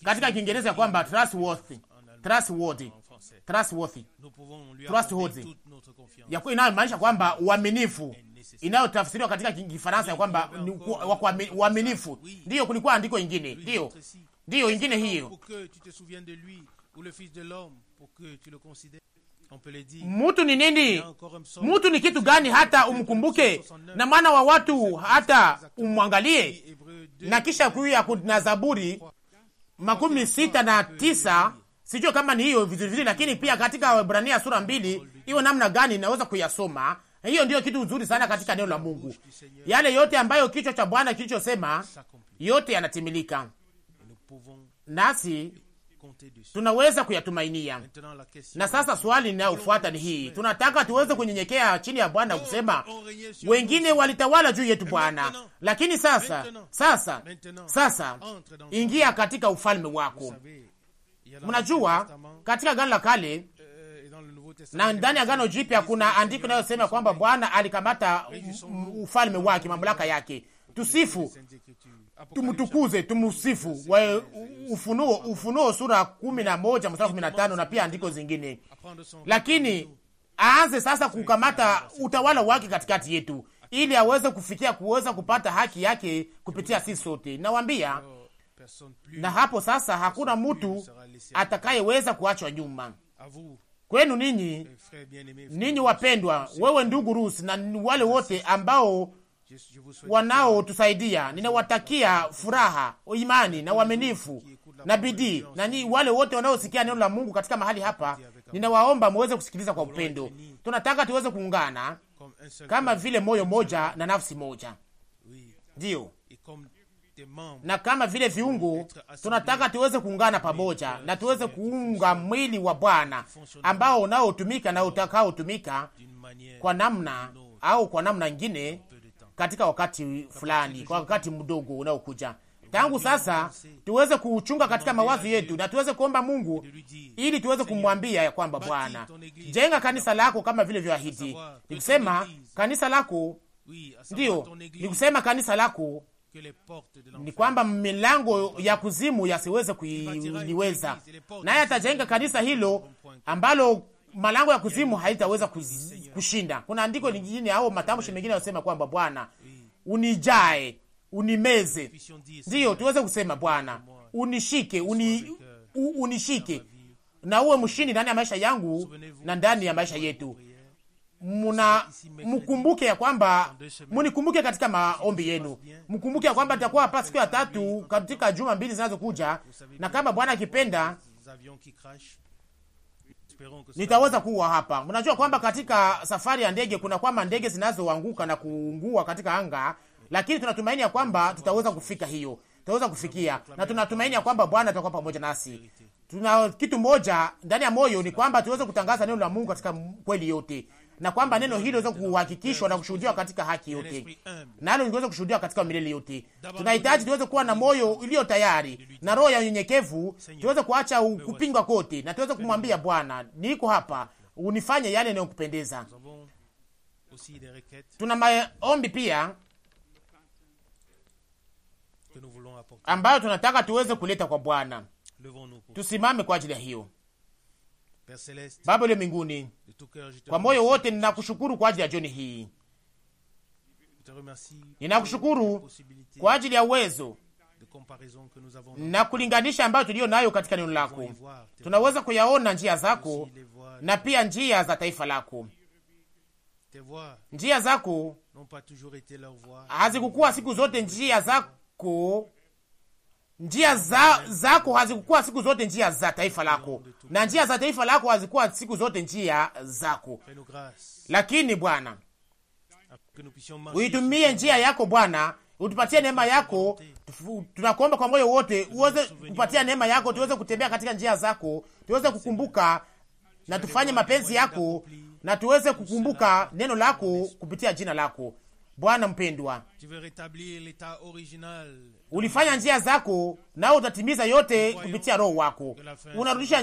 katika Kiingereza ya kwamba trustworthy, trustworthy, trustworthy, trustworthy, ya inayomaanisha kwamba uaminifu, inayotafsiriwa katika Kifaransa ya kwamba uaminifu. Ndiyo, kulikuwa andiko ingine, ndiyo, ndiyo ingine hiyo Mutu ni nini? Mutu ni kitu gani hata umkumbuke, na mwana wa watu hata umwangalie? Na kisha kuya kuna Zaburi makumi sita na tisa sijue kama ni hiyo vizuri vizuri, lakini pia katika Waebrania sura mbili hiyo namna gani naweza kuyasoma. Hiyo ndiyo kitu nzuri sana katika neno la Mungu. Yale yote ambayo kichwa cha Bwana kilichosema yote yanatimilika, nasi tunaweza kuyatumainia. Na sasa swali linayofuata ni hii, tunataka tuweze kunyenyekea chini ya Bwana kusema, wengine walitawala juu yetu Bwana, lakini sasa sasa sasa ingia katika ufalme wako. Mnajua katika gano la Kale euh, na ndani ya gano Jipya kuna andiko inayosema kwamba Bwana alikamata ufalme wake, mamlaka yake. Tusifu tumtukuze, tumsifu. Wa Ufunuo, Ufunuo sura kumi na moja mstari kumi na tano na pia andiko zingine. Lakini aanze sasa kukamata utawala wake katikati yetu, ili aweze kufikia kuweza kupata haki yake kupitia sisi sote. Nawambia, na hapo sasa hakuna mtu atakayeweza kuachwa nyuma kwenu ninyi, ninyi wapendwa, wewe ndugu Rusi na wale wote ambao wanaotusaidia. Ninawatakia furaha, imani na uaminifu na bidii, na ni wale wote wanaosikia neno la Mungu katika mahali hapa, ninawaomba muweze kusikiliza kwa upendo. Tunataka tuweze kuungana kama vile moyo moja na nafsi moja, ndiyo na kama vile viungo tunataka tuweze kuungana pamoja na tuweze kuunga mwili wa Bwana ambao unaotumika na utakaotumika kwa namna au kwa namna ingine katika wakati fulani, kwa wakati mdogo unaokuja. Tangu sasa tuweze kuuchunga katika mawazo yetu na tuweze kuomba Mungu ili tuweze kumwambia ya kwamba Bwana, jenga kanisa lako kama vile vyoahidi. Nikusema kanisa lako ndiyo, nikusema kanisa lako ni kwamba milango ya kuzimu yasiweze kuiliweza, naye atajenga kanisa hilo ambalo malango ya kuzimu haitaweza kushinda. Kuna andiko lingine au matamshi mengine yanasema kwamba Bwana unijae, unimeze. Ndiyo tuweze kusema Bwana unishike, uni, u, unishike na uwe mshindi ndani ya maisha yangu na ndani ya maisha yetu. Muna mkumbuke ya kwamba munikumbuke katika maombi yenu, mkumbuke ya kwamba nitakuwa hapa siku ya tatu katika juma mbili zinazokuja, na kama Bwana akipenda nitaweza kuwa hapa. Mnajua kwamba katika safari ya ndege kuna kwamba ndege zinazoanguka na kuungua katika anga, lakini tunatumaini ya kwamba tutaweza kufika hiyo, tutaweza kufikia, na tunatumaini ya kwamba Bwana atakuwa pamoja nasi. Tuna kitu moja ndani ya moyo, ni kwamba tuweze kutangaza neno la Mungu katika kweli yote na kwamba neno hili liweza kuhakikishwa na kushuhudiwa katika haki yote, nalo liweza kushuhudiwa katika milele yote. Tunahitaji tuweze kuwa na moyo iliyo tayari na roho ya unyenyekevu, tuweze kuacha kupingwa kote na tuweze kumwambia Bwana, niko hapa, unifanye yale yanayokupendeza. Tuna maombi pia ambayo tunataka tuweze kuleta kwa Bwana. Tusimame kwa ajili ya hiyo. Baba uliye mbinguni, kwa moyo wote ninakushukuru kwa ajili ya jioni hii, ninakushukuru kwa ajili ya uwezo na kulinganisha ambayo tuliyo nayo katika neno lako. Tunaweza kuyaona njia zako na pia njia za taifa lako. Njia zako hazikukuwa siku zote njia zako njia za, zako hazikukuwa siku zote njia za taifa lako, na njia za taifa lako hazikuwa siku zote njia zako. Lakini Bwana, uitumie njia yako Bwana, utupatie neema yako. Tunakuomba kwa moyo wote, uweze kupatia neema yako, tuweze kutembea katika njia zako, tuweze kukumbuka na tufanye mapenzi yako, na tuweze kukumbuka neno lako kupitia jina lako Bwana mpendwa, ulifanya njia zako, nao utatimiza yote kupitia Roho wako. Unarudisha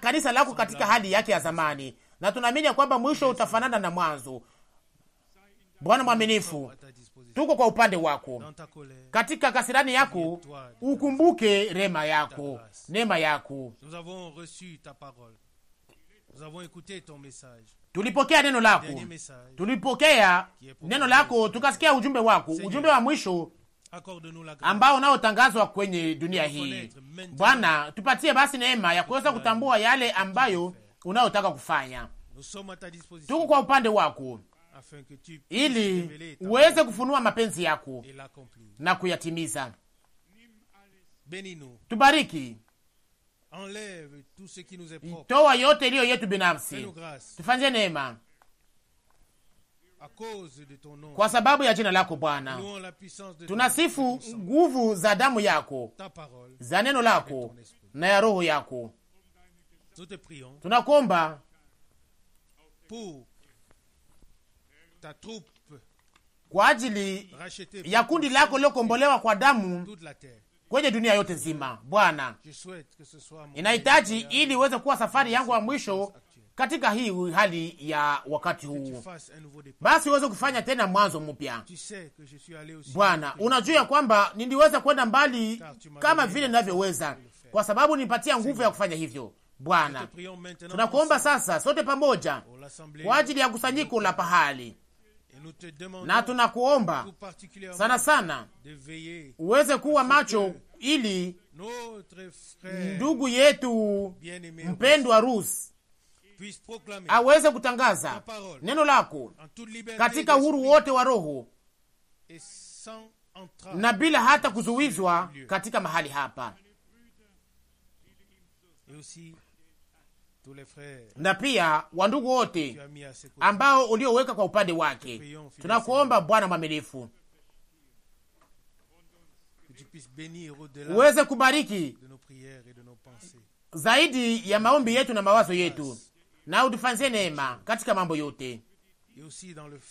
kanisa lako katika hali yake ya zamani, na tunaamini ya kwamba mwisho utafanana na mwanzo. Bwana mwaminifu, tuko kwa upande wako. Katika kasirani yako ukumbuke rema yako, neema yako tulipokea neno lako, tulipokea neno lako, tukasikia ujumbe wako, ujumbe wa mwisho ambao unaotangazwa kwenye dunia hii. Bwana, tupatie basi neema ya kuweza kutambua yale ambayo unayotaka kufanya. Tuko kwa upande wako ili uweze kufunua mapenzi yako na kuyatimiza. Tubariki toa yote iliyo yetu binafsi, tufanye neema kwa sababu ya jina lako Bwana. Tunasifu nguvu za damu yako, za neno lako na ya roho yako. Tunakomba kwa ajili ya kundi lako lilokombolewa kwa damu kwenye dunia yote nzima. Bwana, inahitaji ili iweze kuwa safari yangu ya mwisho katika hii hali ya wakati huu, basi uweze kufanya tena mwanzo mpya. Bwana, unajua kwamba niliweza kwenda mbali kama vile ninavyoweza, kwa sababu nipatia nguvu ya kufanya hivyo. Bwana, tunakuomba sasa sote pamoja kwa ajili ya kusanyiko la pahali na tunakuomba sana sana uweze kuwa macho ili ndugu yetu mpendwa Rus aweze kutangaza neno lako katika uhuru wote wa roho na bila hata kuzuizwa katika mahali hapa na pia wandugu wote ambao ulioweka kwa upande wake. Tunakuomba Bwana mwaminifu, uweze kubariki zaidi ya maombi yetu na mawazo yetu, na utufanzie neema katika mambo yote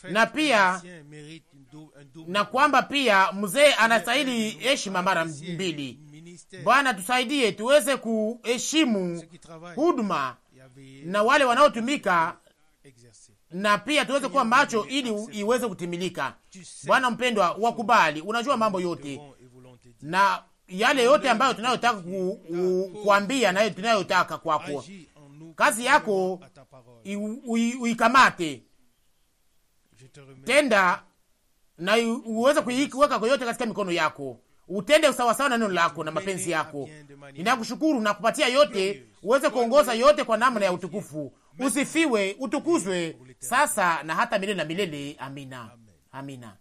na pia na kwamba pia mzee anastahili heshima mara mbili. Bwana tusaidie tuweze kuheshimu huduma na wale wanaotumika na pia tuweze kuwa macho ili iweze kutimilika. Bwana mpendwa, wakubali, unajua mambo yote na yale yote ambayo tunayotaka kukwambia na tunayotaka kwako. Kazi yako uikamate, tenda na uweze kuiweka yote katika mikono yako, utende sawasawa na neno lako na mapenzi yako. Ninakushukuru na kupatia yote uweze kuongoza yote kwa namna ya utukufu. Usifiwe, utukuzwe sasa na hata milele na milele. Amina, amina.